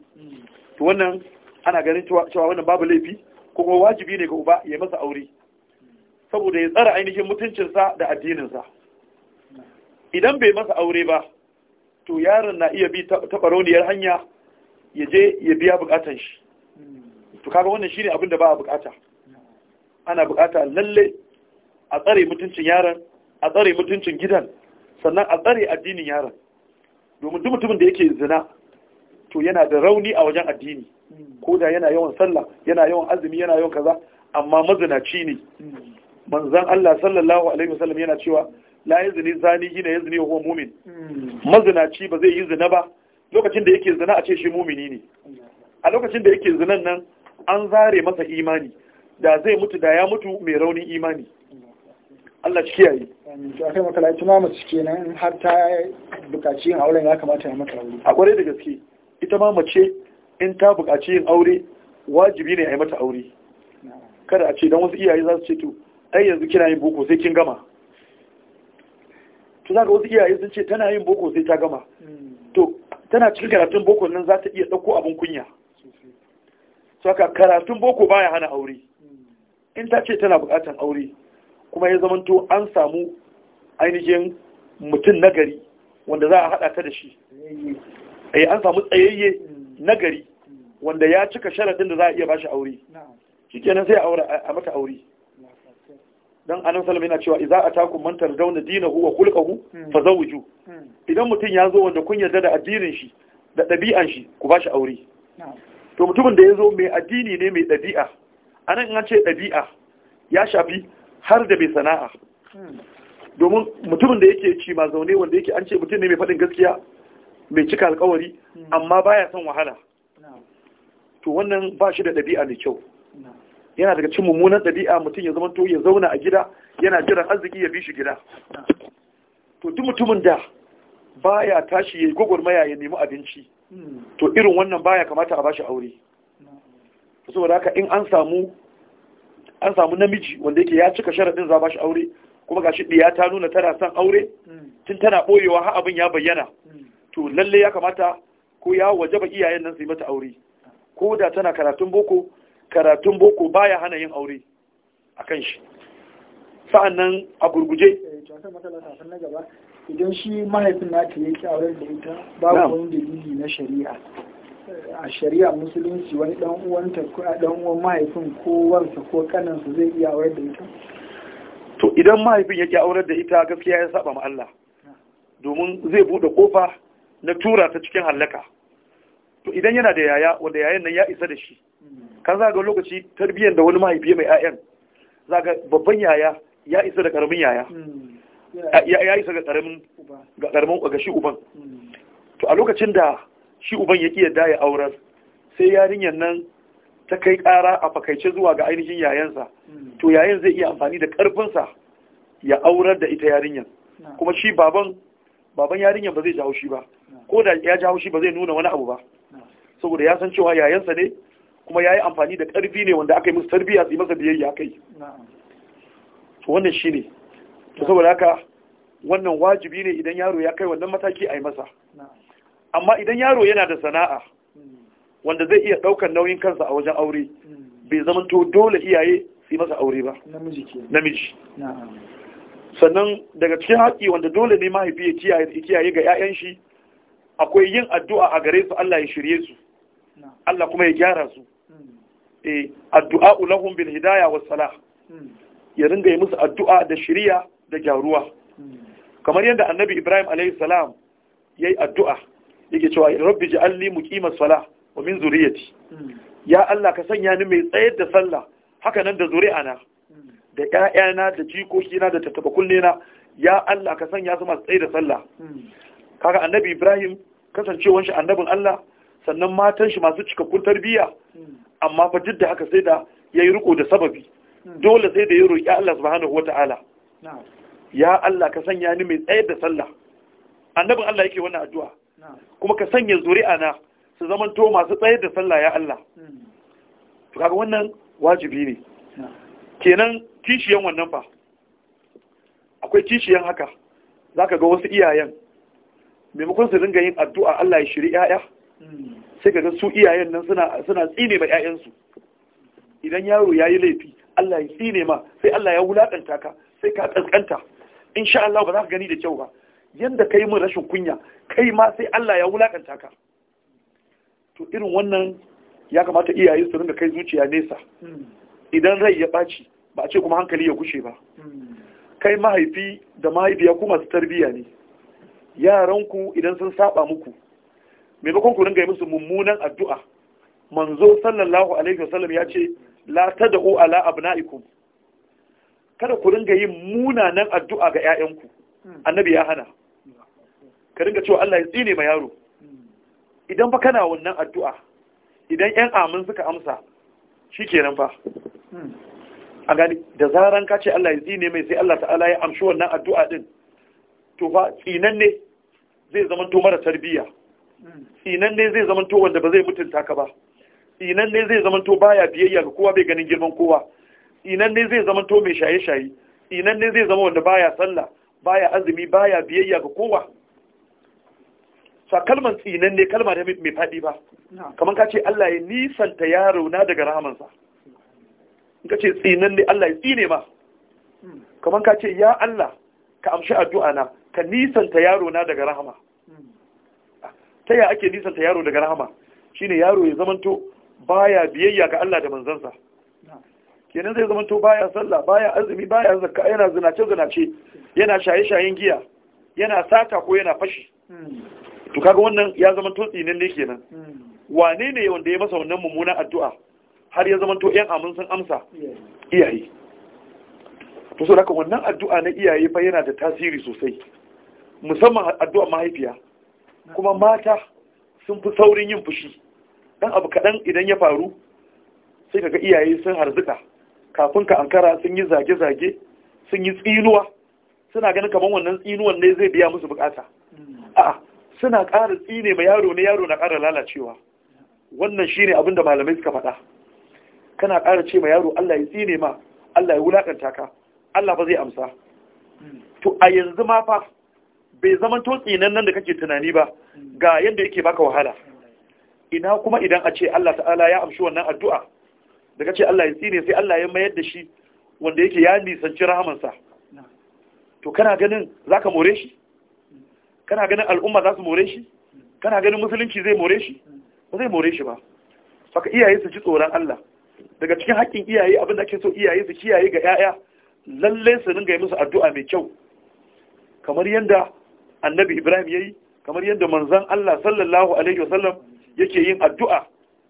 to wannan ana ganin cewa wannan babu laifi kuma wajibi ne ga uba ya masa aure saboda ya tsara ainihin mutuncinsa da addininsa idan bai masa aure ba to yaron na iya bi rauniyar hanya ya je ya biya bukatan shi to kaga wannan shine abin da ba a bukata ana bukata lalle a tsare mutuncin yaron a tsare mutuncin gidan sannan a tsare addinin yaron domin duk mutumin da yake zina to yana da rauni a wajen addini ko da yana yawan sallah yana yawan azumi yana yawan kaza amma mazinaci ne manzan Allah sallallahu alaihi wasallam yana cewa la yazni zani hina yazni huwa mu'min mazinaci ba zai yi zina ba lokacin da yake zina a ce shi mumini ne a lokacin da yake zinan nan an zare masa imani da zai mutu da ya mutu mai raunin imani Allah ciki kiyaye. to kai maka lai tuma mace kenan har ta buƙaci yin auren ya kamata ya mata aure a ƙware da gaske ita ma mace in ta buƙaci yin aure wajibi ne a yi mata aure kada a ce don wasu iyaye za su ce to ai yanzu kina yin boko sai kin gama to za ka wasu iyaye sun ce tana yin boko sai ta gama to tana cikin karatun boko nan za ta iya ɗauko abin kunya saka karatun boko baya hana aure in ta ce tana buƙatar aure kuma ya zamanto an samu ainihin mutum nagari wanda za a haɗa ta da shi eh an samu tsayayye hmm. nagari hmm. wanda ya cika sharaɗin da za a iya bashi aure kenan sai a mata aure dan anan salama yana cewa idza atakum man tardawna dinahu wa khulquhu hmm. idan mutum ya zo wanda kun yarda da addinin shi da ɗabi'an shi ku bashi aure to mutumin da ya zo mai addini ne mai ɗabi'a anan in an ce ɗabi'a ya shafi har da mai sana'a hmm. domin mutumin da yake ci ma zaune wanda yake an ce mutum ne mai faɗin gaskiya mai cika alkawari hmm. amma baya son wahala to wannan ba shi da ɗabi'a mai kyau yana daga cin mummunan ɗabi'a mutum ya zama to ya zauna a gida yana jiran arziki ya bi shi gida to duk mutumin da baya tashi ya yi gwagwarmaya ya nemi abinci hmm. to irin wannan baya kamata a bashi aure saboda haka in an samu an samu namiji wanda yake ya cika sharaɗin za ba shi aure kuma gashi ɗiya ta nuna tana son aure tun tana ɓoyewa har abin ya bayyana to lalle ya kamata ko ya wajaba iyayen nan su yi mata aure ko da tana karatun boko karatun boko baya hana yin aure a kan shi nan a gurguje eh, idan shi mahaifin na ta yake aure da ita babu wani dalili na shari'a a shari'a musulunci wani dan uwanta ko dan uwan mahaifin ko wansa ko su zai iya aure da ita to idan mahaifin yake aure da ita gaskiya ya saba ma Allah domin zai bude kofa na tura ta cikin hallaka to idan yana da yaya wanda yayan nan ya isa da shi kan zaga lokaci tarbiyyar da wani mahaifi mai ƴaƴan zaga babban yaya ya isa da karamin yaya hmm. ya isa ga karamin ga karamin ga shi uban hmm. to a lokacin da shi uban ya kiyar ya auren, sai yarinyar nan ta kai kara a fakaice zuwa ga ainihin yayansa hmm. to yayin zai iya amfani da ƙarfinsa ya aurar da ita yarinyar hmm. kuma shi baban baban yarinyar ba zai jawo shi ba hmm. ko da ya jawo shi ba zai nuna wani abu ba saboda ya san cewa yayansa ne kuma ya yi amfani da karfi ne wanda aka yi musu tarbiyya su yi masa biyayya kai to wannan shi ne saboda haka wannan wajibi ne idan yaro ya kai wannan mataki a yi masa amma idan yaro yana da sana'a wanda zai iya ɗaukar nauyin kansa a wajen aure bai zama to dole iyaye su yi masa aure ba namiji sannan daga cikin haƙi wanda dole ne mahaifi ya kiyaye ga 'ya'yan shi akwai yin addu'a a gare su Allah ya shirye su Allah kuma ya gyara su hmm. eh addu'a ulahum bil hidayah was salah hmm. ya ringa yi musu addu'a da shiriya da gyaruwa hmm. kamar yadda annabi Ibrahim alayhi salam yayi addu'a yake cewa rabbi ji'alli muqimas salah wa min zuriyati ya Allah ka sanya ni mai tsayar da sallah haka nan da zuri'ana da ƴaƴana da jikokina da tattaba kullena ya Allah ka sanya su masu tsayar da sallah kaga annabi Ibrahim kasancewar shi annabin Allah sannan matan shi masu cikakkun tarbiyya amma fa duk da haka sai da yayi riko da sababi dole sai da ya roki Allah subhanahu wataala ya Allah ka sanya ni mai tsayar da sallah annabin Allah yake wannan addu'a kuma ka sanya zuri'a na su zaman to masu tsayar da sallah ya Allah to kaga wannan wajibi ne kenan kishiyan wannan ba akwai kishiyan haka zaka ga wasu iyayen maimakon su dinga yin addu'a Allah ya shiri 'ya'ya sai ka ga su iyayen nan suna suna tsine ba 'ya'yansu idan yaro ya yi laifi Allah ya tsine ma sai Allah ya wulakanta ka sai ka kaskanta insha Allah ba za ka gani da kyau ba Yadda ka yi min rashin kunya kai ma sai Allah ya wulakanta ka to irin wannan ya kamata iyaye su ringa kai zuciya nesa idan rai ya ɓaci ba a ce kuma hankali ya gushe ba kai mahaifi da mahaifiya kuma su tarbiya ne yaranku idan sun saba muku maimakon ku ringa yi musu mummunan addu'a manzo sallallahu alaihi wasallam ya ce la tad'u ala abna'ikum kada ku ringa yin munanan addu'a ga 'ya'yanku hmm. annabi ya hana ka ringa cewa Allah ya tsine ma yaro idan fa kana wannan addu'a idan ƴan amin suka amsa shikenan fa hmm. a gani da zaran ka ce Allah ya tsine mai sai Allah ta'ala ya amshi wannan addu'a din to fa tsinan ne zai zama to mara tarbiyya hmm. tsinan ne zai zama to wanda ba zai mutunta ka ba tsinan ne zai zama to baya biyayya ga kowa bai ganin girman kowa tsinan ne zai zama to mai shaye-shaye tsinan ne zai zama wanda baya sallah baya azumi baya biyayya ga kowa sa kalman tsinan ne kalma ne mai faɗi ba kamar ka ce Allah ya nisanta yaro na daga rahamansa in ka ce tsinan ne Allah ya tsine ma hmm. kamar ka ce ya Allah ka amshi addu'a na ka nisanta yaro na daga rahama hmm. ta ya ake nisanta yaro daga rahama shine yaro ya zamanto baya biyayya ga Allah da manzansa kenan zai zamanto baya sallah baya azumi baya zakka yana zinace zinace yana shaye shayen giya yana sata ko yana fashi hmm. to kaga wannan ya zama to tsinin ne kenan hmm. wane ne wanda ya masa wannan mummuna addu'a har ya zama to yan amin sun amsa iyaye to saboda wannan addu'a na iyaye fa yana da tasiri sosai musamman addu'a mahaifiya kuma mata sun fi saurin yin fushi dan abu kaɗan idan ya faru sai kaga iyaye sun harzuka kafin ka ankara sun yi zage-zage sun yi tsinuwa suna ganin kamar wannan tsinuwan ne zai biya musu bukata hmm. a'a suna ƙara tsine ma yaro ne yaro na ƙara lalacewa wannan shine abin da malamai suka faɗa kana ƙara ce ma yaro Allah ya tsine ma Allah ya wulakanta ka Allah ba zai amsa to a yanzu ma fa bai zama to tsinan nan da kake tunani ba ga yadda yake baka wahala ina kuma idan a ce Allah ta'ala ya amshi wannan addu'a da kace Allah ya tsine sai Allah ya mayar da shi wanda yake ya nisanci rahamansa to kana ganin zaka more shi kana ganin al'umma za su more shi kana ganin musulunci zai more shi ba zai more shi ba saka iyaye su ji tsoron Allah daga cikin haƙƙin iyaye abin da ake so iyaye su kiyaye ga 'ya'ya lalle su ringa yi musu addu'a mai kyau kamar yadda annabi Ibrahim yayi kamar yadda manzon Allah sallallahu alaihi wasallam yake yin addu'a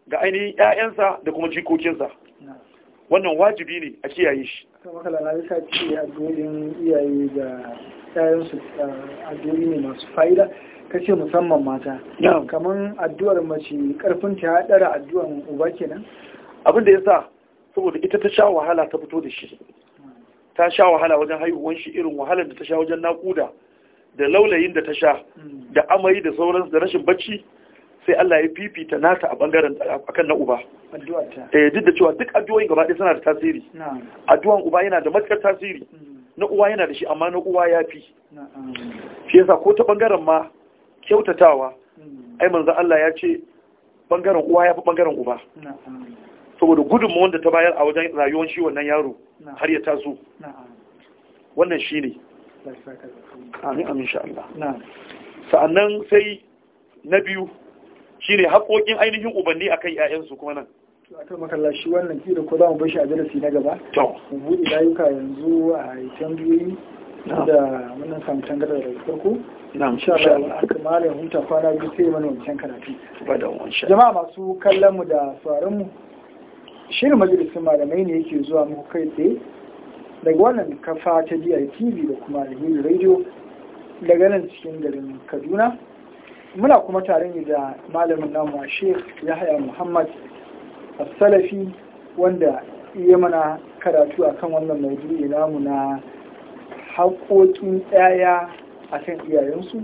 ga ainihin 'ya'yansa da kuma jikokinsa wannan wajibi ne a kiyaye shi kuma kala na sa ce iyaye da 'ya'yansu eh, addu'o'i ne masu fa'ida ce musamman mata kamar addu'ar mace karfin ta ya dara addu'ar uba kenan abin da yasa saboda ita ta sha wahala ta fito da shi ta sha wahala wajen haihuwan shi irin wahalar da ta sha wajen nakuda da laulayin da ta sha hmm. da amai da sauransu da rashin bacci sai Allah ya fifita nata a bangaren akan na uba eh duk da cewa duk addu'o'i gaba ɗaya suna da tasiri addu'an uba yana da matukar tasiri hmm. na uwa yana da shi amma na uwa ya fi shi yasa ko ta bangaren ma kyautatawa hmm. ai manzo Allah ya ce bangaren uwa ya fi bangaren uba saboda gudunmu wanda ta bayar a wajen rayuwar shi wannan yaro har ya taso wannan shi ne amin sha Allah sa'annan sai na biyu shi ne haƙoƙin ainihin ubanni akan 'ya'yansu kuma nan akan makalla shi wannan kira ko za mu bar shi a darasi na gaba mu buɗe layuka yanzu a tambayoyi da wannan samu tangarda da farko insha Allah aka malam huta kwana biyu sai mana wancan karatu jama'a masu kallon mu da sauraron mu shirin majalisun malamai ne yake zuwa muku kai tsaye daga wannan kafa ta DITV da kuma Alheri Radio daga nan cikin garin Kaduna muna kuma tare ne da malamin namu Sheikh Yahaya Muhammad salafi wanda iya mana karatu akan wannan maudu'i namu na haƙoƙin 'ya'ya akan iyayensu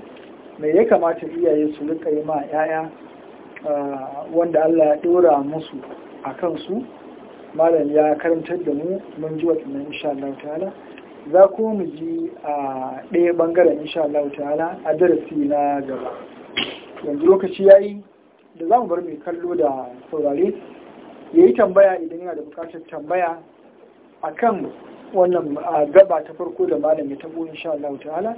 mai ya kamata iyaye su rika yi ma 'ya'ya wanda Allah ya ɗora musu a kansu malam ya karantar da mu mun ji waɗannan insha Allah ta'ala za ku mu ji a ɗaya ɓangaren insha Allah ta'ala a darasi na gaba yanzu lokaci ya yi da za mu bar mai kallo da saurare ya yi tambaya idan yana da bukatar tambaya a kan wannan gaba ta farko da malam ya tabo insha Allah ta'ala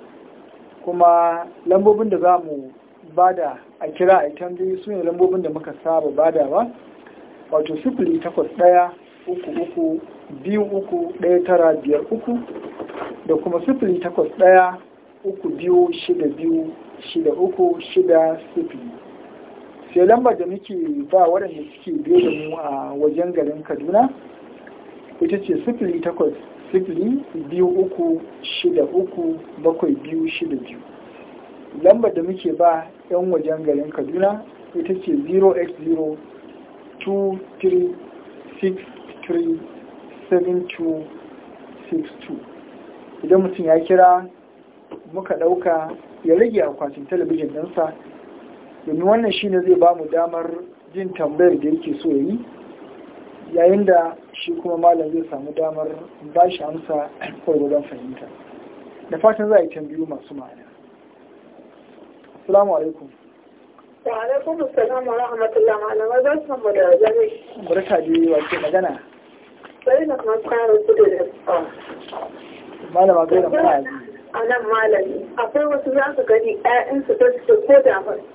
kuma lambobin da za mu bada a kira a tambayi su ne lambobin da muka saba badawa wato sifili takwas ɗaya uku uku biyu uku ɗaya tara biyar uku da kuma sifili takwas ɗaya uku biyu shida biyu shida uku shida sifili sai lambar da muke ba waɗanda suke biyo da mu a wajen garin kaduna ita ce sifili takwas sifili biyu uku shida uku bakwai biyu shida biyu lambar da muke ba 'yan wajen garin kaduna ita ce 0x0 23637262 idan mutum ya kira muka ɗauka ya rage akwatin talabijin ɗinsa domin wannan shine zai ba mu damar jin tambayar da yake so yi yayin da shi kuma malam zai samu damar ba shi amsa gwargwadon fahimta da fatan za a yi tambayu masu ma'ana assalamu alaikum da alaikum assalamu wa rahmatullah malamai za su samu da zane barka da wace magana sai na kuma kare su da ya malama gaira ma'azi a nan malami akwai wasu za su gani ƴaƴansu ta su ko da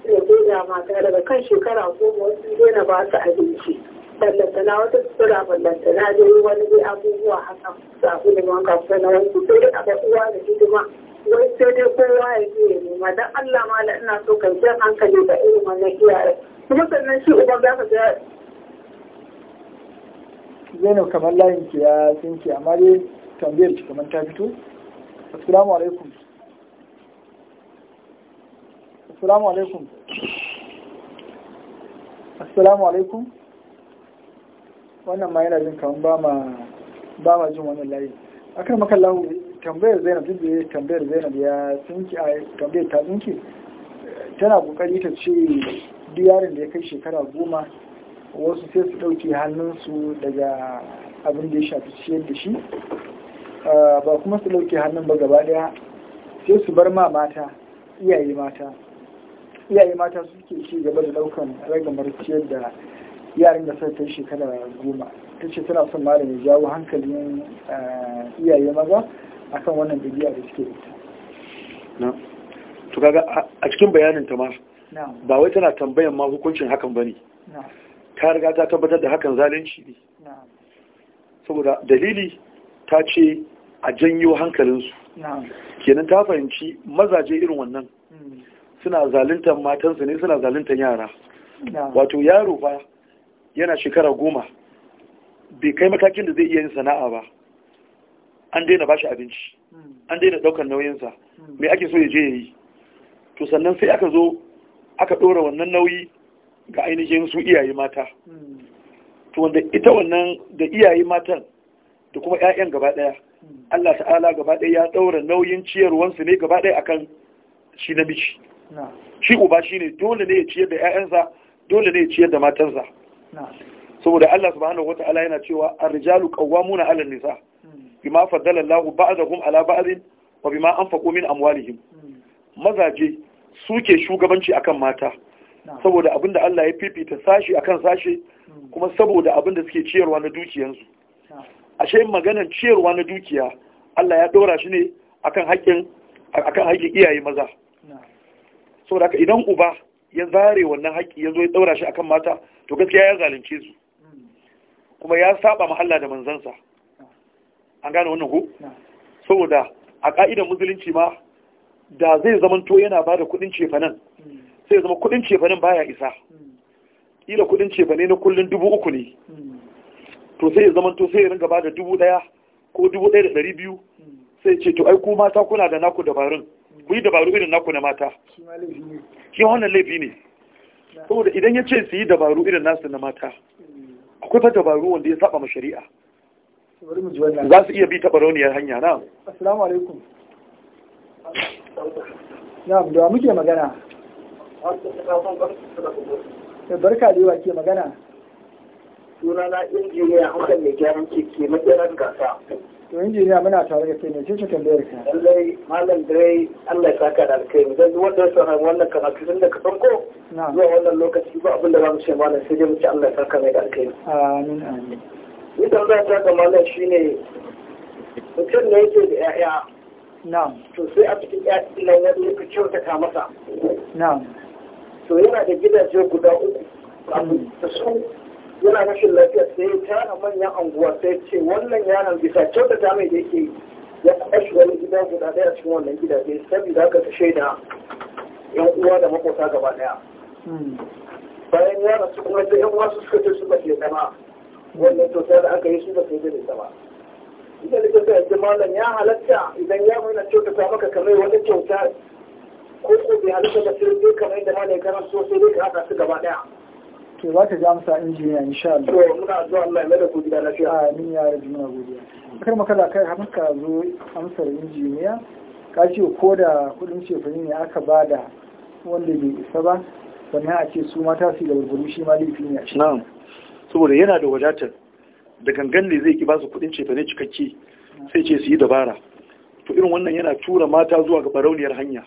ya goya mata daga kan shekara goma wasu na ba su abinci ballantana wata sutura ballantana yi wani zai abubuwa haka da wanka su na wasu sai dai a ga uwa da hidima wai sai dai kowa ya je ya nema dan Allah mala ina so kan jan hankali da irin wannan iyaye kuma sannan shi uban za ka ga Zainab kamar layin ki ya tsinke amma dai tambayar ki kamar ta fito assalamu alaikum assalamu alaikum assalamu alaikum wannan ma yana jin kan ba ma ba ma jin wannan layi akan makallahu tambayar zainab duk da tambayar zainab ya tsinki a tambayar ta tsinki tana kokari ta ce diyarin da ya kai shekara goma wasu sai su ɗauke hannunsu daga abin da ya shafi ciyar da shi ba kuma su lauke hannun ba gaba daya sai su bar ma mata iyaye mata iyaye mata suke ci gaba da daukan ragamar ciyar da yaran da suka kai shekara goma ta ce tana son malam ya jawo hankalin iyaye maza akan wannan bidiya da suke ita na to kaga a cikin bayanin ta ma ba wai tana tambayan ma hukuncin hakan bane ta riga ta tabbatar da hakan zalunci ne saboda dalili ta ce a janyo hankalinsu kenan ta fahimci mazaje irin wannan hmm. suna zaluntar matansu ne suna zaluntar yara wato yaro ba yana shekara goma bai kai matakin da zai iya yin sana'a ba an daina bashi abinci hmm. an daina daukar nauyinsa hmm. me ake so ya je ya yi to sannan sai aka zo aka ɗora wannan nauyi ga ainihin su iyaye mata to wanda ita wannan da iyaye matan da kuma 'ya'yan gaba ɗaya Allah ta'ala gaba ɗaya ya ɗaura nauyin ciyarwansu ne gaba ɗaya akan shi namiji shi uba shi ne dole ne ya ciyar da 'ya'yansa dole ne ya ciyar da matansa saboda Allah subhanahu wata'ala yana cewa ar-rijalu qawwamuna 'ala an-nisa hmm. bima faddala Allahu ba'dahum 'ala ba'dhin wa bima anfaqu min amwalihim hmm. mazaje suke shugabanci akan mata saboda abinda Allah ya fifita sashi akan sashi hmm. kuma saboda abinda suke ciyarwa na dukiyansu ashe maganan ciyarwa na dukiya Allah ya ɗora shi ne akan haƙƙin iyaye maza saboda haka idan uba ya zare wannan haƙƙi ya zo ya ɗaura shi akan mata to gaskiya ya zalunce su kuma ya saba ma Allah da manzansa an gane wannan ko saboda a ka'idar musulunci ma da zai zamanto yana bada kuɗin cefanen sai zama kuɗin cefanen baya isa Ƙila kuɗin cefane na kullun dubu uku ne to sai ya zama to sai ya ringa da dubu ɗaya ko dubu ɗaya da ɗari biyu sai ce to ai ku mata kuna da naku dabarun ku yi dabaru irin naku na mata shi wannan laifi ne saboda idan ya ce su yi dabaru irin nasu na mata akwai fa dabaru wanda ya saba ma shari'a za su iya bi ta barauniyar hanya na assalamu alaikum da muke magana eh, barka da yawa ke magana suna na injiniya hakan mai gyaran keke matsayin gasa to injiniya muna tare da kai ne ce cikin da yarka lallai malam dai Allah ya saka da alkai dan wanda ya sanar wannan karatu tun daga farko zuwa wannan lokaci ba abin da za mu ce malam sai dai mu ce Allah ya saka mai da alkai amin amin ni tambaya ta ga malam shine mutum ne yake da ƴaƴa na'am to sai a cikin ƴaƴan nan wani ya kyautata masa na'am to yana da gidaje guda uku hmm. da su yana rashin lafiya sai na manyan anguwa sai ce wannan yaron bisa kyautata mai da yake ya kwashi wani gida guda daya cikin wannan gidaje saboda haka ta shaida yan uwa da makwasa gaba daya hmm. bayan ya su kuma sai yan wasu suka ce su ba ke zama wannan kyauta da aka yi su ba su yi zama Idan da kyauta yanzu malam ya halatta idan ya mai na kyautata maka kamar wani kyauta ko ko bai halatta ba sai zai kamar yadda malam ya karanto sai zai ka haɗa su gaba daya ke za ka ji amsa injiniya insha Allah to muna zuwa Allah ya ku gida lafiya A min yare muna godiya kar maka kai har ka zo amsar injiniya ka ce ko da kudin cefani ne aka ba da wanda bai isa ba sannan a ce su mata su da burburu shi ma laifi ne a shi na'am saboda yana da wadatar da gangan ne zai ki ba su kudin cefane cikakke sai ce su yi dabara to irin wannan yana tura mata zuwa ga barauniyar hanya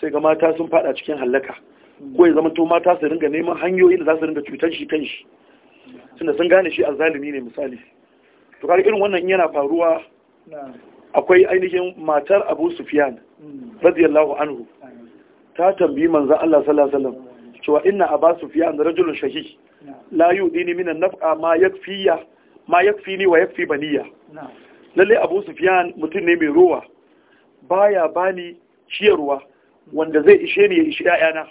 sai ga mata sun fada cikin hallaka ko ya zama to mata su ringa neman hanyoyi da za su ringa cutar shi kan shi tunda sun gane shi a azzalimi ne misali to kaga irin wannan yana faruwa akwai ainihin matar Abu Sufyan mm. radiyallahu anhu ta tambayi manzo Allah sallallahu alaihi wasallam cewa inna Abu Sufyan rajulun shahi la yudini min an-naf'a ma yakfiya ma yakfini wa yakfi baniya lalle Abu Sufyan mutum ne mai ruwa baya bani ciyarwa wanda zai ishe ni ya ishi 'ya'yana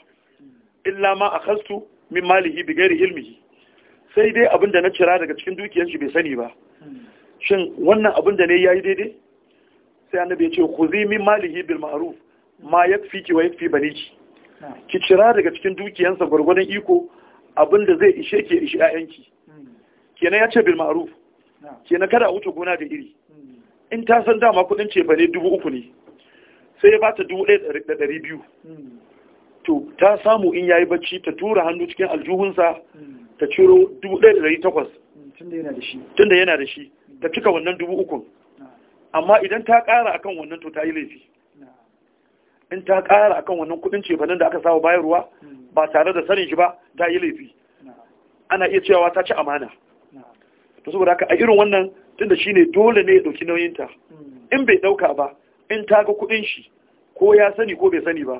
illa ma akhastu min malihi bi ilmihi sai dai abin da na cira daga cikin dukiyar shi bai sani ba shin wannan abin da ne yayi daidai sai annabi ya ce khuzi min malihi bil ma'ruf ma ki wa yakfi baniki ki cira daga cikin dukiyansa gwargwadon iko abin da zai ishe ki ishe ƴaƴanki hmm. kenan ya ce bil ma'ruf kenan kada a wuce gona da iri hmm. in ta san dama kuɗin ce bane dubu uku ne sai ya bata dubu ɗaya da ɗari biyu hmm. to ta samu in yayi bacci ta tura hannu cikin aljuhunsa ta ciro 1800 mm, tunda yana da shi ta cika wannan dubu ukun ah. amma idan ta ƙara akan wannan to ta yi laifi ah. in ta ƙara akan wannan kudin cefanen da aka sawa bayarwa mm. ba tare da sanin shi ba ta yi laifi ah. ana iya cewa ta ci amana to saboda haka a irin wannan tunda shine dole ne ya dauki ta. Mm. in bai ɗauka ba in ta ga kudin shi ko ya sani ko bai sani ba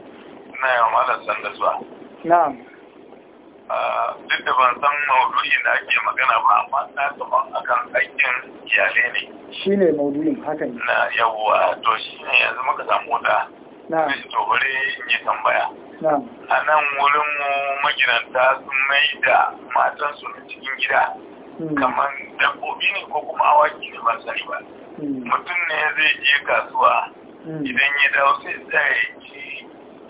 na yawan malasar da zuwa duk da ban san maudu'in da ake magana ba amma na taɓa akan aikin iyalai ne shi ne maudu'in haka ne na yawwa to shi ne yanzu muka samu da to bari in yi tambaya a nan wurin mu magidanta sun mai da matansu na cikin gida hmm. kamar dabbobi ne ko kuma awaki ne ban sani ba hmm. mutum ne zai je kasuwa hmm. idan ya dawo sai tsaye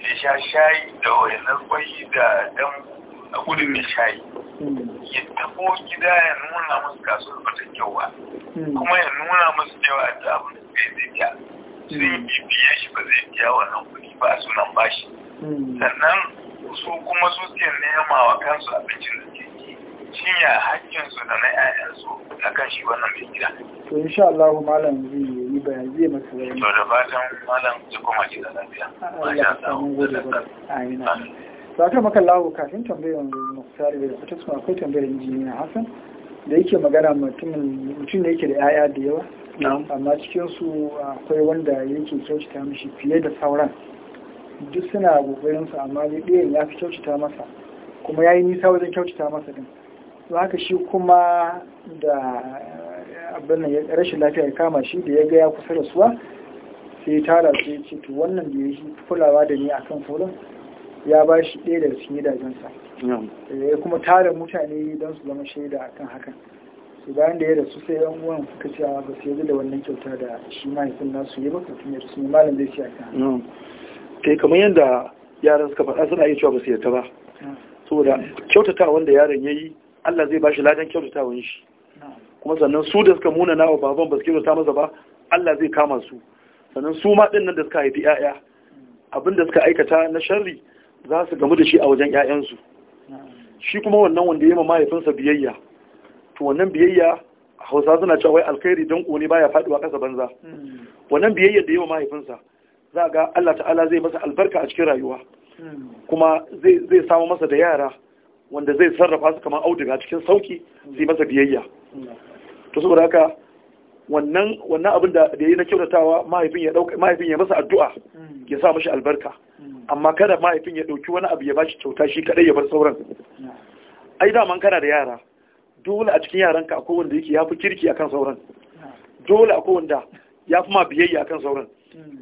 ya sha shayi da wani kwai da dan a gudun mai shayi ya tabo gida ya nuna musu kasuwar wata kyau ba hmm. kuma ya nuna musu cewa a abin da zai biya sun hmm. biyan shi ba zai biya wannan kudi ba a sunan bashi hmm. sannan su kuma su ke nema wa kansu abincin da ke cinya hakkinsu da na 'ya'yansu kan shi wannan mai gida. to insha Allah malam zai bayani zai masu wani to da fatan malam ya kuma gida lafiya Allah samu gode ba amina to aka maka lawo kafin tambayar muktari da ta tsama akwai tambayar injiniya Hassan da yake magana mutumin mutum da yake da yaya da yawa amma cikin su akwai wanda yake kyautata mishi fiye da sauran duk suna kokarin su amma dai ɗayan ya fi kyautata masa kuma ya yi nisa wajen kyautata masa din to haka shi kuma da abin rashin lafiya ya kama shi da ya ga ya kusa da suwa sai ta sai ce to wannan da ya yi kulawa da ni akan folon ya ba shi ɗaya daga cikin gidajensa ya eh, kuma tara mutane don su zama shaida a kan hakan su bayan da ya rasu sai yan uwan suka ce a ba su yanzu da wannan kyauta da shi ma mahaifin su yi ba tun yarsu ne malam zai ce a kan kai eh, kamar yadda yaran suka faɗa suna iya cewa ba su yarda ba ah. saboda kyautata wanda yaron ya yi Allah zai ba shi ladan kyautatawan shi kuma sannan su da suka muna nawa baban ba su ta masa ba Allah zai kama su sannan su ma din nan da suka haifi 'ya'ya, abin da suka aikata na sharri za su gamu da shi a wajen 'ya'yansu. shi kuma wannan wanda ya ma mahaifinsa biyayya to wannan biyayya Hausa suna cewa wai alkhairi dan ƙone baya faduwa ƙasa banza wannan biyayya da ya ma mahaifinsa za ga Allah ta'ala zai masa albarka a cikin rayuwa kuma zai samu masa da yara wanda zai sarrafa su kamar auduga cikin sauki zai masa biyayya to saboda haka wannan abin da da yi na kyautatawa mahaifin ya masa addu'a mm. ya sa mashi albarka mm. amma kada mahaifin ya dauki wani abu ya bashi kyauta shi kadai ya bar sauran ai da man kana da yara dole a cikin yaranka akwai wanda yake yafi kirki akan sauran dole akwai wanda yafi ma biyayya akan sauran mm.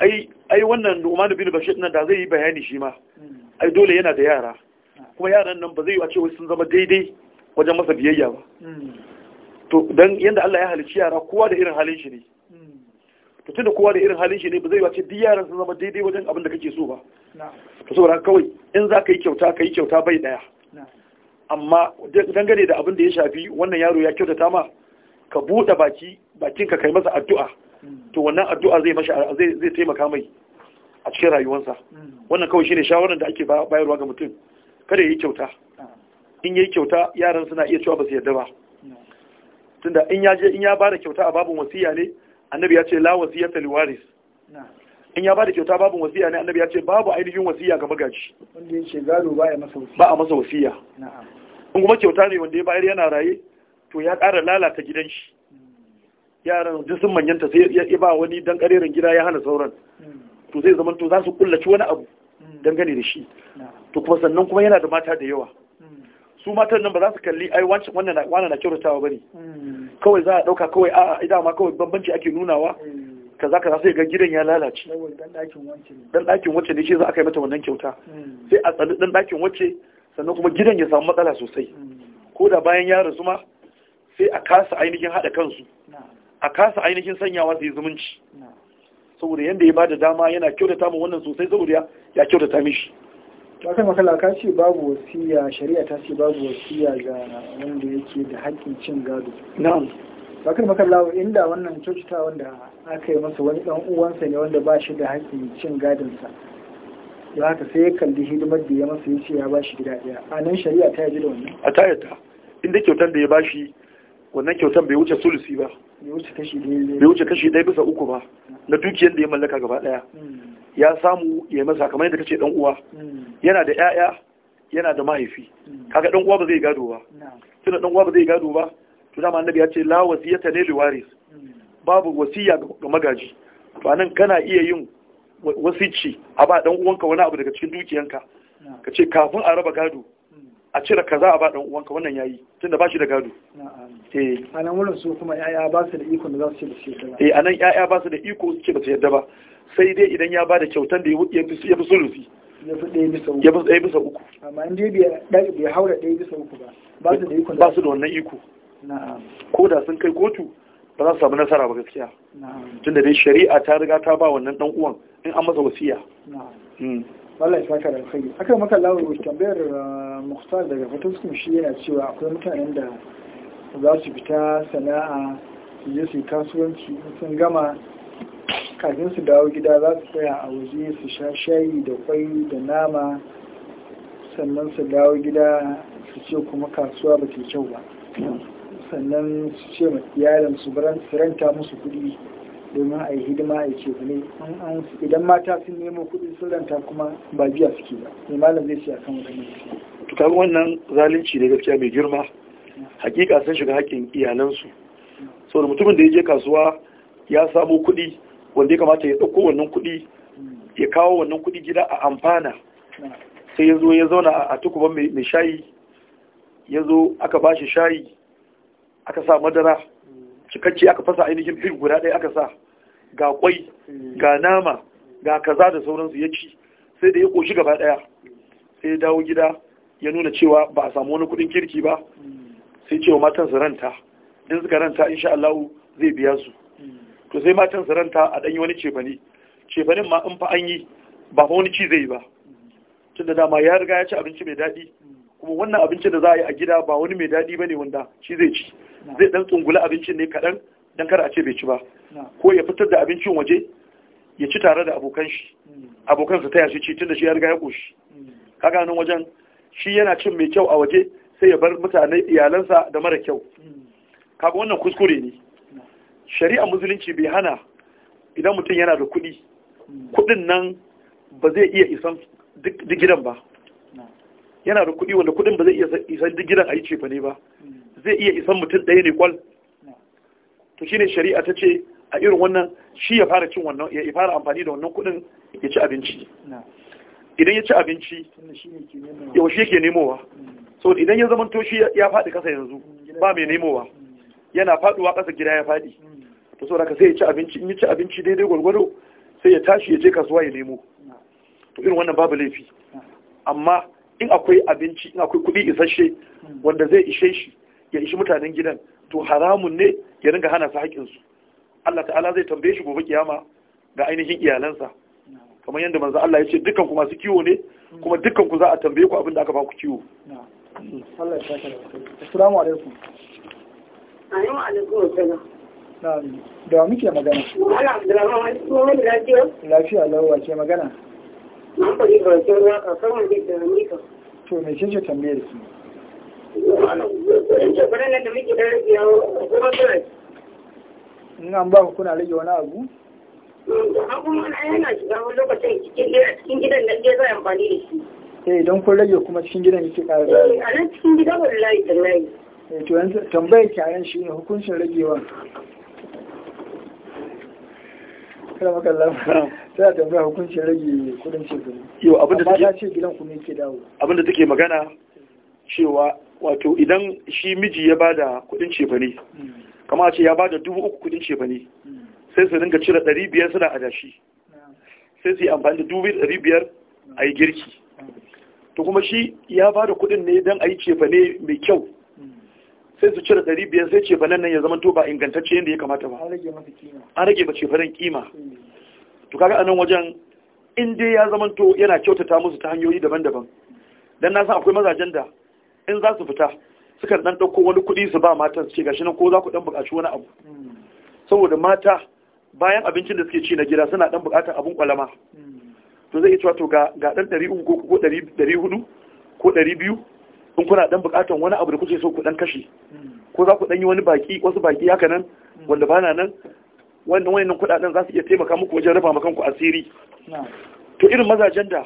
ai ai wannan Umar bin Bashir nan da zai yi bayani shi ma ai dole yana da yara kuma yaran nan ba zai yi a cewa sun zama daidai wajen masa biyayya ba to dan yanda Allah ya halicci yara kowa da irin halin shi ne hmm. to tunda kowa da irin halin shi ne ba zai wace diyaran yaran sun zama daidai wajen abin da kake so ba to saboda kawai in za ka yi kyauta ka yi kyauta bai daya amma dangane da abin da ya shafi wannan yaro ya kyautata ma ka buɗe baki bakin ka kai masa addu'a hmm. to wannan addu'a zai mashi zai zai taimaka mai a cikin rayuwarsa hmm. wannan kawai shine shawaran da ake bayarwa ga mutum kada ya yi kyauta in yayi kyauta yaran suna iya cewa ba su yarda ba tunda in ya je in ya bada kyauta a babun wasiya ne annabi ya ce la wasiyata liwaris in ya bada kyauta babun wasiya ne annabi ya ce babu ainihin wasiya ga magaji wanda ba a masa wasiya in kuma kyauta ne wanda ya bayar yana raye to ya ƙara lalata gidan shi hmm. yaran duk sun manyanta sai ya ba wani dan karerin gida ya hana sauran hmm. to zai zama to za su kullaci wani abu hmm. dangane da shi to kuma sannan kuma yana da mata da yawa su matan nan ba za su kalli ai wannan wannan na kyautatawa bane kawai za a dauka kawai a idan ma kawai bambanci ake nunawa ka ka za sai ga gidan ya lalace dan dakin wacce ne shi za a kai mata wannan kyauta hmm. sai a tsali dan dakin wacce sannan kuma gidan ya samu matsala sosai hmm. ko da bayan ya rasu ma sai a kasa ainihin hada kansu a kasa ainihin sanyawa su yi zumunci saboda yanda ya bada dama yana kyautata mu wannan sosai saboda ya kyautata mishi wasan makala ka ce babu wasiya shari'a ta ce babu wasiya ga wanda yake da haƙƙin cin gado na'am bakar makalla inda wannan cocita wanda aka yi masa wani dan uwansa ne wanda ba shi da haƙƙin cin gadinsa ya haka sai ya kalli hidimar da ya masa ya ce ya ba shi gida ɗaya a nan shari'a ta yi da wannan a ta ta inda kyautar da ya ba shi wannan kyautar bai wuce sulusi ba bai wuce kashi daya bisa uku ba na dukiyar da ya mallaka gaba ɗaya hmm. ya samu ya masa kamar yadda kace dan uwa hmm. yana da 'ya'ya yana da mahaifi hmm. kaga dan uwa ba zai gado ba tunda dan uwa ba zai gado ba to dama annabi ya ce la wasiyata ne waris babu wasiya ga magaji to anan kana iya yin wasici a ba dan uwanka wani abu daga cikin dukiyanka kace kafin a raba gado a cire kaza a ba dan uwanka wannan yayi tunda ba shi da gado eh anan wurin su kuma yaya ba su da iko da za su ce ba su yadda ba eh anan yaya ba su da iko su ce ba su yadda ba sai dai idan ya ba da kyautan da ya fi ya fi sulusi ya fi ɗaya bisa uku amma in dai bai haura ɗaya bisa uku ba ba su da iko ba su da wannan iko ko da sun kai kotu ba za su samu nasara ba gaskiya tunda dai shari'a ta riga ta ba wannan ɗan uwan in an masa wasiya na'am hmm. Allah ya da alkhairi akai maka lawo tambayar uh, muhtar daga fatoskum shi yana cewa akwai mutanen da za su fita sana'a su je su yi kasuwanci sun gama kafin su dawo gida za su tsaya a waje su sha shayi da kwai da nama sannan su dawo gida su ce kuma kasuwa ba ke kyau ba sannan su ce ma iyalinsu su ranta musu kuɗi domin a yi hidima a yi cefane idan mata sun nemo kuɗi sun kuma ba biya suke ba mai malam zai siya kan wani to kaga wannan zalunci ne gaskiya mai girma hakika sun shiga hakkin iyalansu saboda mutumin da ya je kasuwa ya samo kuɗi wanda ya kamata ya ɗauko wannan kuɗi ya kawo wannan kuɗi gida a amfana sai ya zo ya zauna a tukuba mai shayi ya zo aka ba shi shayi aka sa madara cikakke aka fasa ainihin fil guda ɗaya aka sa ga kwai ga nama ga kaza da sauransu ya ci sai da ya ƙoshi gaba ɗaya sai ya dawo gida ya nuna cewa ba a samu wani kuɗin kirki ba sai cewa matan su ranta in suka ranta insha Allah zai biya su to sai matan su ranta a ɗanyi wani cefane cefanin ma in fa an yi ba fa wani ci zai yi ba tun da dama ya riga ya ci abinci mai daɗi kuma wannan abincin da za a yi a gida ba wani mai daɗi ba ne wanda shi zai ci zai dan tsungula abincin ne kaɗan don kar a ce bai ci ba ko ya fitar da abincin waje ya ci tare da abokan shi hmm. abokan su taya shi ci tunda shi ya riga ya koshi hmm. kaga nan wajen shi yana cin mai kyau a waje sai ya bar mutane iyalansa da mara kyau hmm. kaga wannan kuskure ne shari'a musulunci bai hana idan mutum yana da kuɗi kuɗin nan ba zai iya isan duk gidan ba yana da kuɗi wanda kuɗin ba zai iya isan duk gidan a yi ba zai iya isan mutum ɗaya ne kwal to shine shari'a ta ce a irin wannan shi ya fara cin wannan ya fara amfani da wannan kuɗin ya ci abinci idan ya ci abinci yau shi ke nemowa so mm. idan ya zama to ya faɗi ƙasa yanzu mm, ba mai nemowa mm. yana faɗuwa ƙasa gida ya faɗi to so daga sai ya ci abinci in ya ci abinci daidai gwargwado sai ya tashi ya je kasuwa ya nemo to irin wannan babu laifi amma in akwai abinci in akwai kuɗi isasshe wanda zai ishe shi ya ishi mutanen gidan to haramun ne ya ringa hana su haƙƙinsu Allah ta'ala zai tambaye shi gobe kiyama ga ainihin iyalansa kamar yadda manzo Allah ya ce dukkan ku masu kiwo ne kuma dukkan ku za a tambaye ku abin da aka ba ku kiwo assalamu alaikum Ayyu alaikum Na da muke magana lafiya wa ke magana to me ce ce tambayar ki in an ba ku kuna rage wani abu? yana shiga wani lokacin cikin gidan nan dai zai amfani da shi. Eh don kun rage kuma cikin gidan yake ƙara. Eh a nan cikin gidan wallahi tallahi. Eh to yanzu tambayar ki a nan shine hukuncin ragewa. Kada maka lafiya. Tana tambaya hukuncin rage kudin ce. Yau abinda take. Amma ta ce gidan kuma yake dawo. Abinda take magana cewa wato idan shi miji ya bada kudin cefane kama ce ya bada dubu uku kudin cefane sai su dinga cire ɗari biyar suna adashi sai su yi amfani da dubu ɗari biyar a yi girki to kuma shi ya bada kudin ne don a yi cefane mai kyau sai su cire ɗari biyar sai cefanen nan ya zama to ba ingantacce yadda ya kamata ba an rage ba cefanen kima hmm. to kaga anan wajen in dai ya zama to yana kyautata musu ta hanyoyi daban-daban dan na san akwai mazajen da in za su fita sukan dan dauko wani kuɗi su ba matan su ce gashi nan ko za ku dan buƙaci wani abu saboda mata bayan abincin da suke ci na gida suna dan buƙatar abun kwalama to zai ci to ga ga dan 300 ko ko 400 ko 200 in kuna dan buƙatar wani abu da kuke so ku dan kashe ko za ku dan yi wani baki wasu baki haka nan wanda ba na nan wannan wayannan kudaden za su iya taimaka muku wajen rafa makan kanku asiri to irin mazajen da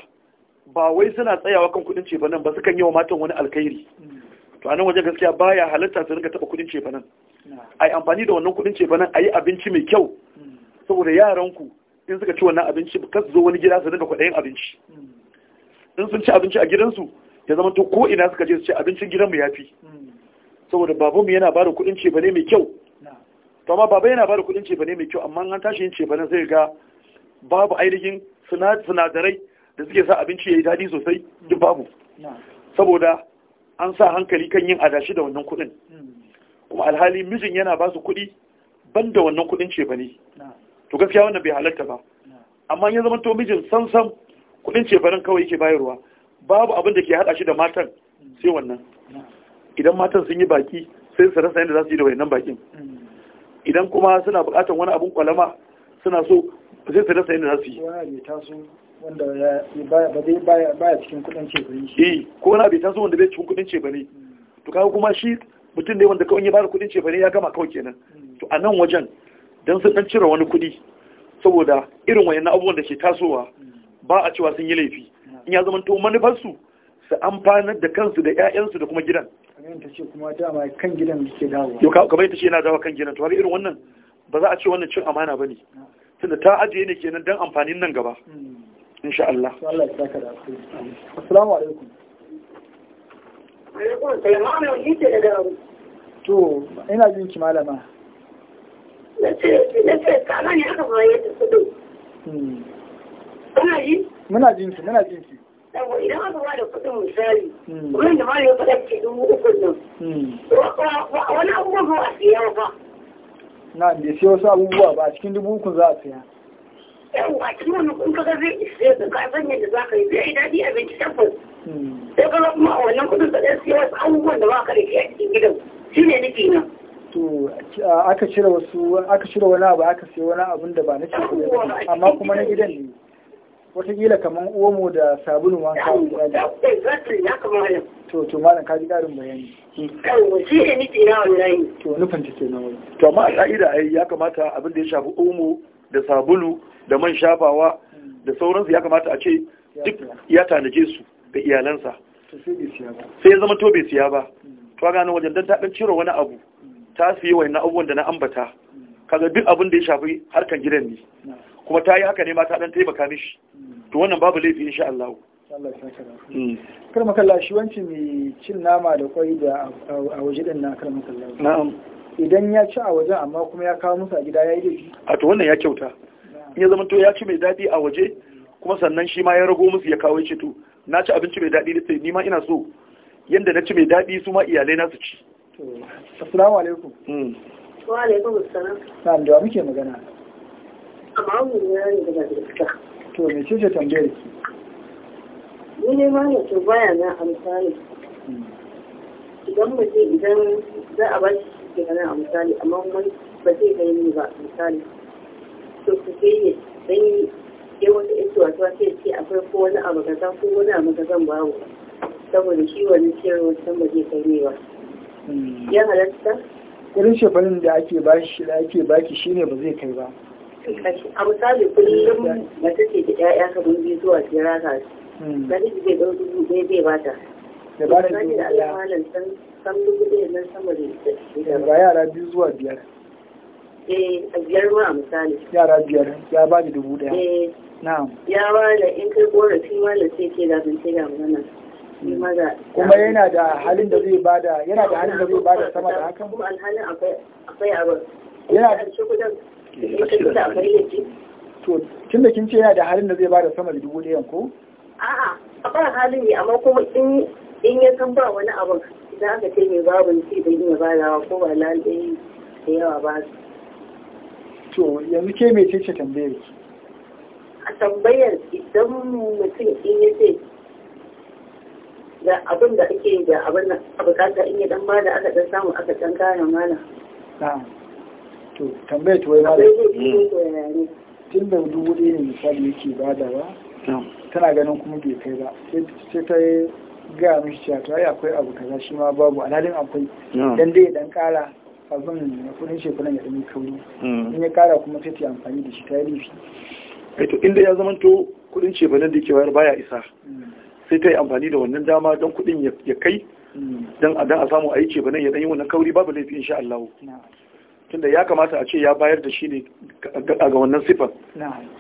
ba wai suna tsayawa kan kudin ce nan ba kan yi wa matan wani alkhairi to anan waje gaskiya baya halatta su rinka taba kudin ce ba nan ai amfani da wannan kudin ce ba nan ayi abinci mai kyau saboda yaran ku in suka ci wannan abinci ba zo wani gida su rinka kwadayin abinci in sun ci abinci a gidansu ya zama to ko ina suka je su ci abincin gidanmu yafi saboda babanmu yana bada kudin ce ba ne mai kyau to amma baba yana bada kudin ce ba ne mai kyau amma an tashi yin ce ba nan zai ga babu ainihin sinadarai da suke sa abinci ya yi daɗi sosai duk babu saboda an sa hankali kan yin adashi da wannan kuɗin hmm. kuma alhali mijin yana ba su kuɗi ban da wannan kuɗin ce ba ne to gaskiya wannan bai halarta ba amma ya zama to mijin sansan kuɗin ce barin kawai yake bayarwa babu abin da ke haɗa shi da matan hmm. sai wannan idan matan sun yi baki sai su rasa yadda za su yi da wayannan bakin hmm. idan kuma suna buƙatar wani abin kwalama suna so sai su rasa yadda za su yi wanda baya cikin kudin cefane eh, ko taso wanda bai cikin kudin cefane hmm. to kaga kuma shi mutum ne wanda kawai ya bada kudin cefane ya gama kawai kenan hmm. to a nan wajen don sun dan cire wani kudi saboda irin wayannan abubuwan da ke tasowa hmm. ba a cewa sun yi laifi in ya zama to manufar su su amfanar da kansu da ƴaƴansu da kuma gidan kamar ta ce kuma dama kan gidan da ke dawo yau kamar ta ce yana dawo kan gidan to har irin wannan ba za a ce wannan cin amana ba ne tunda ta ajiye ne kenan dan amfanin nan gaba insha Allah Allah da ina jin ki malama hmm. muna jin ki muna jin ki idan aka ba da kudin misali wani da mali ya faɗa ke dubu uku nan wani abubuwa ba a siya ba na da siya wasu abubuwa ba a cikin dubu uku za a siya yawwa kiwon kun ka ga zai ishe ka ka san yadda za ka yi zai sai ka kuma a wannan kudin ka ɗan siya wasu abubuwan da ba ka da a cikin gidan na. aka cire wasu aka wani abu da ba na amma kuma na gidan ne watakila kamar omo da sabulun wanka to to malam ka ji karin bayani to nufin ta to amma a ka'ida ai ya kamata abin da ya shafi omo da sabulu da man shafawa da sauransu ya kamata a ce duk ya tanaje su da iyalansa sai ya zama to bai siya ba to gane wajen don ta dan ciro wani abu ta siya wani abubuwan da na ambata kaga duk abin da ya shafi harkan gidan ne kuma ta yi haka ne ma ta dan taimaka mishi to wannan babu laifi insha Allah hmm. kar makalla shi wancin mai cin nama da kwai da a waje din na kar makalla na'am idan ya ci a waje, amma kuma ya kawo musu a gida ya yi laifi a to wannan ya kyauta in ya zama to ya ci mai daɗi a waje kuma sannan shi ma ya rago musu ya kawo ce to na ci abinci mai daɗi sai ni ma ina so yanda na ci mai daɗi su ma iyalai na su ci assalamu alaikum hmm. wa alaikum assalam Na da muke magana amma mun ne daga gaskiya to me ce ce tambayar ki ni ne ma ne to baya na amfani hmm. idan mutum idan za a ba shi suke ganin a misali amma wani ba zai gani ni ba misali to ku sai ya dan sai wata ita wato sai ce akwai ko wani abu kaza ko wani abu kazan babu saboda shi wani ciyarwa san ba zai kai ne ba hmm. ya halatta irin shekarun da ake bashi da ake baki shine ba zai kai ba a misali kullum hmm. mace ce da 'ya'ya kamar biyu zuwa jira ka shi zai ɗau dubu ɗaya zai da ba da Allah malam san san kuɗi nan sama da ga yara biyu zuwa biyar eh a biyar ruwa misali yara biyar ya ba ni dubu ɗaya eh na'am ya ba da in kai korafi ma da sai ke da bin sai ga magana kuma yana da halin da zai bada yana da halin da zai bada sama da hakan kuma alhalin akwai akwai abin yana da shi kudin to tun da kin ce yana da halin da zai bada sama da dubu ɗayan ko a'a a ba halin ne amma kuma in ya san ba wani abin idan aka ce mai babu shi da iya badawa ko ba lalai da yawa ba su to yanzu ke mai ce tambayar ki a tambayar idan mutum in ya ce da abin da ake da abin da bukata in yi dan da aka dan samu aka can kayan mana to tambayar ta wai ma da tun da dubu ɗaya ne misali yake badawa tana ganin kuma bai kai ba sai ta yi gaya mishi cewa to ai akwai abu kaza shi ma babu alhalin akwai dan dai dan kara abin kudin kudin ya dan kauri mm. in ya kara kuma sai ta amfani da shi ta yi laifi eh to inda ya kudin to ba nan da ke wayar baya isa mm. sai ta yi amfani da wannan dama don kudin ya kai mm. don a samu a yi nan ya yi wannan kauri babu laifi insha Allah tunda ya kamata a ce ya bayar da shi ne ga wannan sifar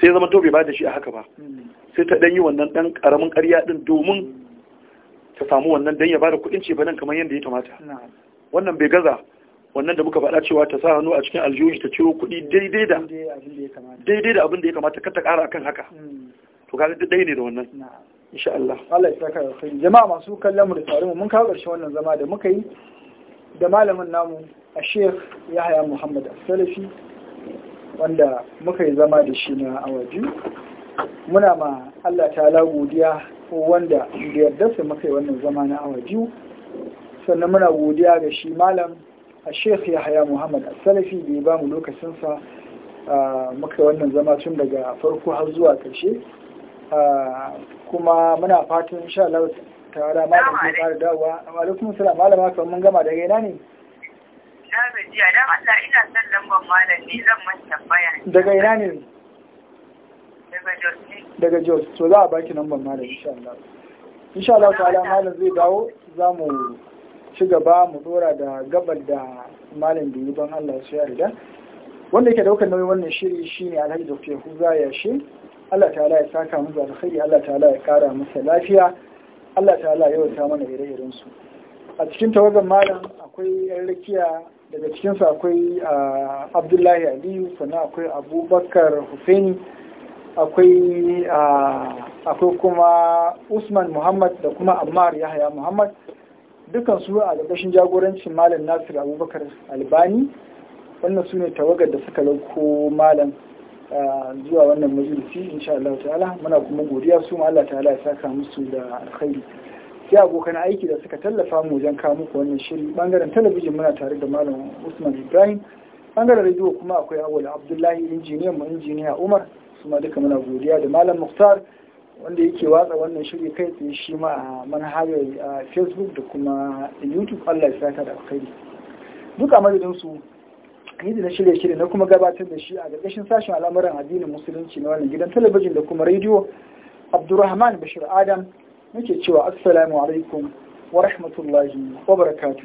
sai zama to bai bayar da shi a haka ba sai ta dan yi wannan dan karamin ƙarya din domin ta samu wannan don ya bada kudin ce banan kamar yadda ya kamata wannan bai gaza wannan da muka faɗa cewa ta sa hannu a cikin aljihohi ta ciro kudi daidai da daidai da abin da ya kamata kar ta ƙara akan haka hmm. to kaga duk ne da wannan insha Allah Allah ya saka alkhairi jama'a masu kallon mu da tare mu mun kawo ƙarshen wannan zama da muka yi da malamin namu a Sheikh Yahaya Muhammad Salafi wanda muka yi zama da shi na awa muna ma Allah ta'ala godiya wanda da yadda su maka yi wannan zama na awa biyu sannan muna godiya ga shi malam a sheikh yahaya muhammad salafi da ya ba mu lokacinsa muka yi wannan zama tun daga farko har zuwa ƙarshe kuma muna fatan insha Allah tare ma da dawa. fara dawowa alaikum salam malama kan mun gama daga ina ne na gajiya dan Allah ina son lambar malam ne zan manta tambaya daga ina ne daga jos to za a baki namban malam insha Allah insha Allah ta'ala malam zai dawo za mu ci gaba mu dora da gabar da malam da ban Allah su yarda wanda yake daukar nauyin wannan shiri shine Alhaji Dr. ya shi Allah ta'ala ya saka mu da alkhairi Allah ta'ala ya kara masa lafiya Allah ta'ala ya wata mana ire-iren su a cikin tawagan malam akwai yan rakiya daga cikinsu akwai ah, Abdullahi Aliyu sannan akwai Abubakar Hussaini akwai akwai kuma Usman Muhammad da kuma Ammar Yahaya Muhammad dukan su a gabashin jagorancin Malam Nasir Abubakar Albani wannan su ne tawagar da suka lauko Malam zuwa wannan majalisi insha Allah ta'ala muna kuma godiya su ma Allah ta'ala ya saka musu da alkhairi sai abokan aiki da suka tallafa mu wajen kawo muku wannan shiri bangaren talabijin muna tare da Malam Usman Ibrahim bangaren rediyo kuma akwai Awal Abdullahi injiniyan mu injiniya Umar su duka muna godiya da malam muktar wanda yake watsa wannan shiri kai tsaye shi ma a manhajar facebook da kuma youtube allah ya saka da alkhairi duk a madadin su ni da na shirya shirya na kuma gabatar da shi a gargashin sashen al'amuran addinin musulunci na wannan gidan talabijin da kuma rediyo abdurrahman bashir adam nake cewa assalamu alaikum wa rahmatullahi wa barakatuh